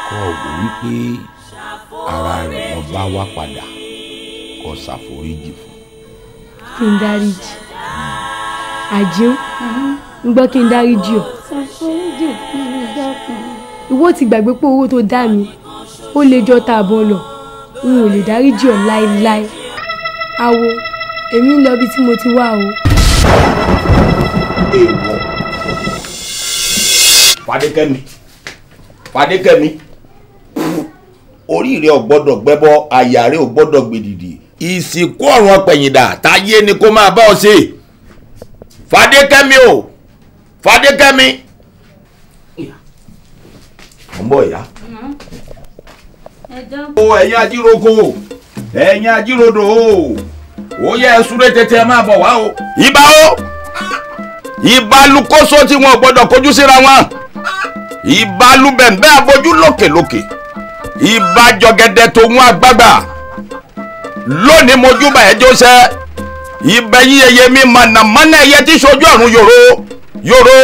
kò wípé ara rẹ̀ lọ bá wá padà kò ṣàforíjì fún kí n dáríjì àjíún ń gbọ́ kí n dáríjì o. ìwọ ti gbàgbé pé owó tó dá mi ó lè jọ ta àbọ̀ lọ n ò lè dáríjì ọ láéláé awo èmi ń lọ ibi tí mo ti wá o. èèwọ̀ fadékẹ́mi fadékẹ́mi oríire ò gbọ́dọ̀ gbẹ́bọ àyà ò gbọ́dọ̀ gbèdìdì ìsìnkú ọ̀run ọ̀pẹ̀yìndà táyé ni kó máa bá ọ ṣe fadékẹ́mi o fadékẹ́mi. ọmọ ìyá. o ẹ̀yin ajíroko ẹ̀yin ajírodò o ó yẹ ẹ súré tètè ẹ máa bọ̀ wá o. ibà o ìbálùkóso tí wọn ò gbọdọ̀ kojú síra wọn ìbálùbẹ̀ńbẹ́ abojú lókèlókè ìbàjọ̀gẹ̀dẹ̀ tòun àgbàgbà lónìí mojúbà ẹjọ́ sẹ́ ibẹ̀ yíyẹyẹ mi mànàmáná ẹyẹ tí sojú ọ̀run yòró yòró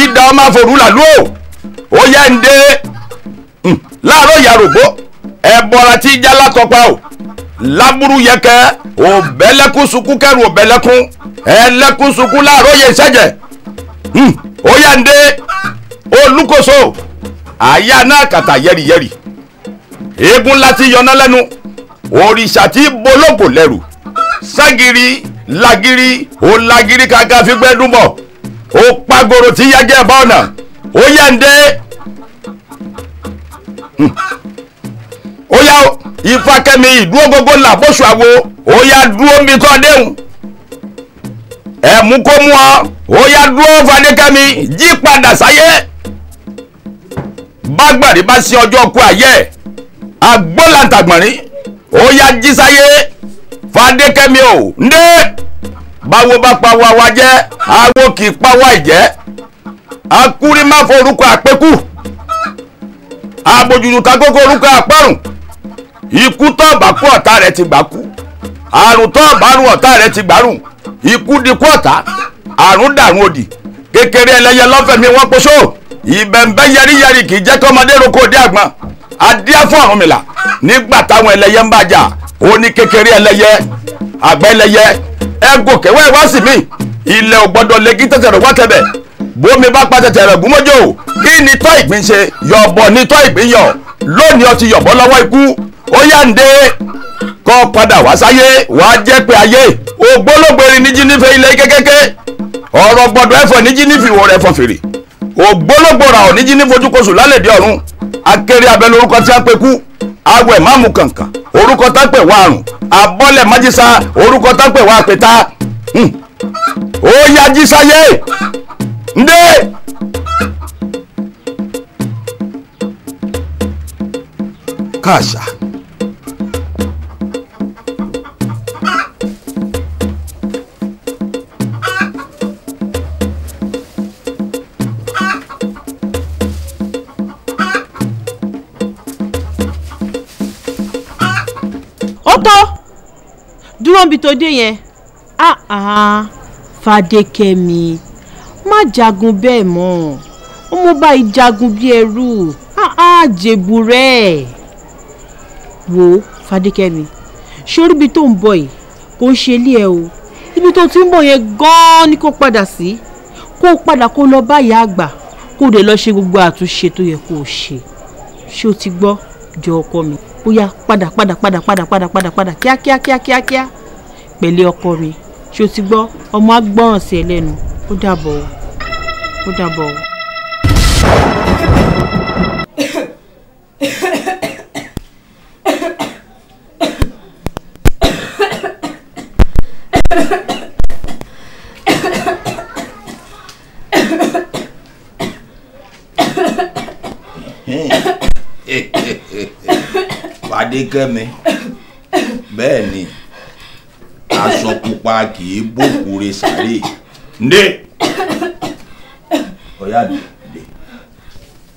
ìdá ọmọ àforúlà lò ó yẹ ń dé hmm, láàárọ̀ yàrògbó ẹ̀bọ̀ra tí jálá kọpa o laburu yẹkẹ òbẹ̀lẹ́kùn sunkún kẹrù òbẹ̀lẹ́kùn ẹlẹ́kùn sunkún láàárọ̀ yẹ ìṣẹ́jẹ̀ hmm, ó yẹ ń dé olùkóso àyà náà kàtà yẹ́rìyẹ́rì eégún láti yọná lẹ́nu òrìṣà tí bolóko lẹ́rù ságiri lagiri ó lagiri kankan fi gbẹ́dùn bọ̀ ó pagoro tí yájẹ́ ẹ̀bá ọ̀nà ó yànde hmm. ó yá ìfakẹ́mi ìdúró gbogbo là bóṣù àwo ó yá dúró mi tọ́ déhùn ẹ̀mú kó mú ọ ó yá dúró fadékẹ́mi jí padà sáyé bá gbàrí bá sí ọjọ́ kú ayé agbólantagbọ̀nrín ó yá jísáyé fadékẹ́mi ò ndé báwo bá pa wa wa jẹ́ awo kì í pa wa ìjẹ́ akúrí má forúkọ àpékù àbójútó kagógó orúkọ àpárùn ikú tó bá kú ọ̀tá rẹ̀ ti gbà kú àrùn tó bá rùn ọ̀tá rẹ̀ ti gbà rùn ikú dikú ọ̀tá àrùn dàrún òdì kékeré ẹlẹ́yẹ lọ́fẹ̀ẹ́ mi wọ́n poṣó ìbẹ̀ǹbẹ̀ yẹríyẹrí kì í jẹ́ kọ́mọdé roko òde àgbọn adíá fún Ọ̀rúnmìlà nígbà táwọn ẹlẹ́yẹ ń bàjà ó ní kékeré ẹlẹ́yẹ àgbà ẹlẹ́yẹ ẹ gòkè wẹ́ẹ́ wá sí mi ilẹ̀ ò gbọ́dọ̀ legi tẹ̀tẹ̀rẹ̀ wá tẹ̀bẹ̀ bómi bá pa tẹ̀tẹ̀rẹ̀ gúnmọ́jọ́ kí ni tọ́ ìpín ṣe yọ̀bọ̀ ni tọ́ ìpín yọ̀ lónìí ọtí yọ̀bọ̀ lọ́wọ́ ikú ó yá ń dé kọ́ padà wá sáyé wá jẹ́ pé ayé ògbólógbò erin níjí nífẹ̀ ilẹ̀ kékeré ọ̀rọ̀ gbọ́dọ̀ ẹ̀fọ̀ níjí nífìwọ̀ rẹ̀ fọ̀ fèrè ògbólógbò rà ọ̀ níjí nífojú lálẹ́ dé ọ̀run akéré abẹ lórúkọ tí a pè kú awẹ máàmù kankan orúkọ tá pè wá àrùn abọ́lẹ̀ májísá orúkọ tá pè wá àpẹta hmm. ó yá jísáyé ndé. káàṣà. níbi tó dé yẹn ah ah fàdékẹ́mi má jagun bẹ́ẹ̀ mọ́ ó mú báyìí jagun bí ẹrú ah ah jèbù rẹ̀ wò fàdékẹ́mi sórí ibi tó ń bọ̀ yìí kò ń ṣe ilé ẹ o ibi tó ti ń bọ̀ yẹn gan-an ni kò padà sí kó o padà kó lọ bá ìyá àgbà kó o dẹ̀ lọ ṣe gbogbo àtúnṣe tó yẹ kó o ṣe ṣé o ti gbọ́ jọ ọkọ mi bóyá padà padà padà padà padà padà padà kíákíá kíákíá kíá. kíá, kíá, kíá, kíá pẹ̀lẹ́ ọkọ mi ṣó ti gbọ́ ọmọ á gbọ́ràn sí ẹ lẹ́nu ó dàbọ̀ o ó dàbọ̀ o. Fadékẹ́mi bẹ́ẹ̀ ni aṣọ pupa kì í bòkúre sáré ndé ọ̀yá dé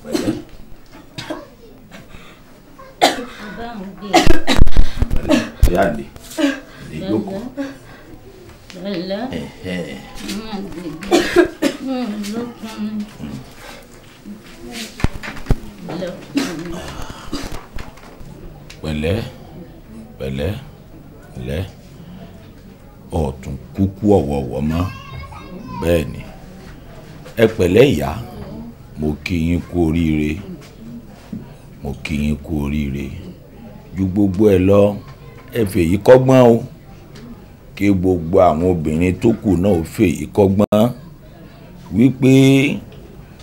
pẹ̀lẹ́. ọ̀yá dé lè jókòó. pẹ̀lẹ́ pẹ̀lẹ́ pẹ̀lẹ́ ọ̀tún kúkú ọ̀wọ̀ọ̀wọ̀ mọ́ bẹ́ẹ̀ ni ẹ pẹ̀lẹ́ ìyá mo kí yín kú oríire mo kí yín kú oríire ju gbogbo ẹ lọ ẹ fèyí kọ́gbọ́n o kí gbogbo àwọn obìnrin tó kù náà fèyí kọ́gbọ́n wípé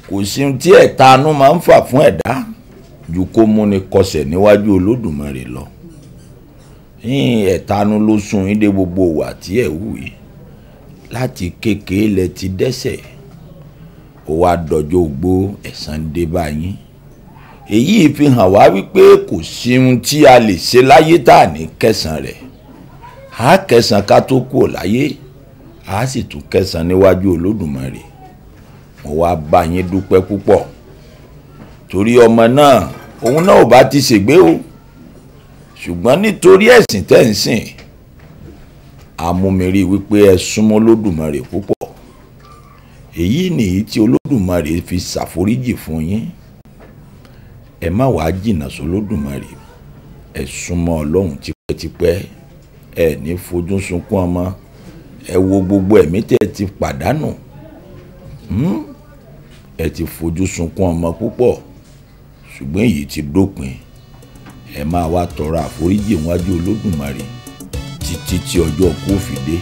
kò sí ohun tí ẹ̀tanú máa ń fà fún ẹ̀dá ju kó múni kọsẹ̀ níwájú Olódùmarè lọ yín ẹ̀tanú ló sun yín dé gbogbo ìwà tí ẹ̀ wù yìí láti kékeré lẹ ti dẹ́sẹ̀ ó wá dọjọ́ gbó ẹ̀san dé bá yín èyí fi hàn wá wípé kò sí ohun tí a lè ṣe láyé tá à ní kẹsàn rẹ̀ á kẹsàn ká tó kúrò láyé á sì tún kẹsàn níwájú olódùmarè mo wá bá yín dúpẹ́ púpọ̀ torí ọmọ náà òun náà ò bá ti ṣègbé o ṣùgbọ́n nítorí ẹ̀sìn tẹ́ ń sìn amúmiri wípé ẹ súnmọ́ lódùmarè púpọ̀ èyí nìyí tí olódùmarè fi ṣàforíjì fún yín ẹ má wàá jìnnà sólódùmarè ẹ súnmọ́ ọlọ́run tipẹ́tipẹ́ ẹ ní fojú sunkún ọmọ ẹ wo gbogbo ẹ̀mí tẹ́ ẹ ti pàdánù hmm? ẹ ti fojú sunkún ọmọ púpọ̀ ṣùgbọ́n èyí ti dópin ẹ máa wá tọrọ àforíjì níwájú olódùmarè títí tí ọjọ́ kú fi dé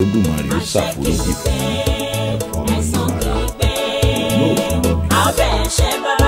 olódùmarè ó ṣàforíjì fún ọmọ ìmọ̀ràn lóòótọ́ mi.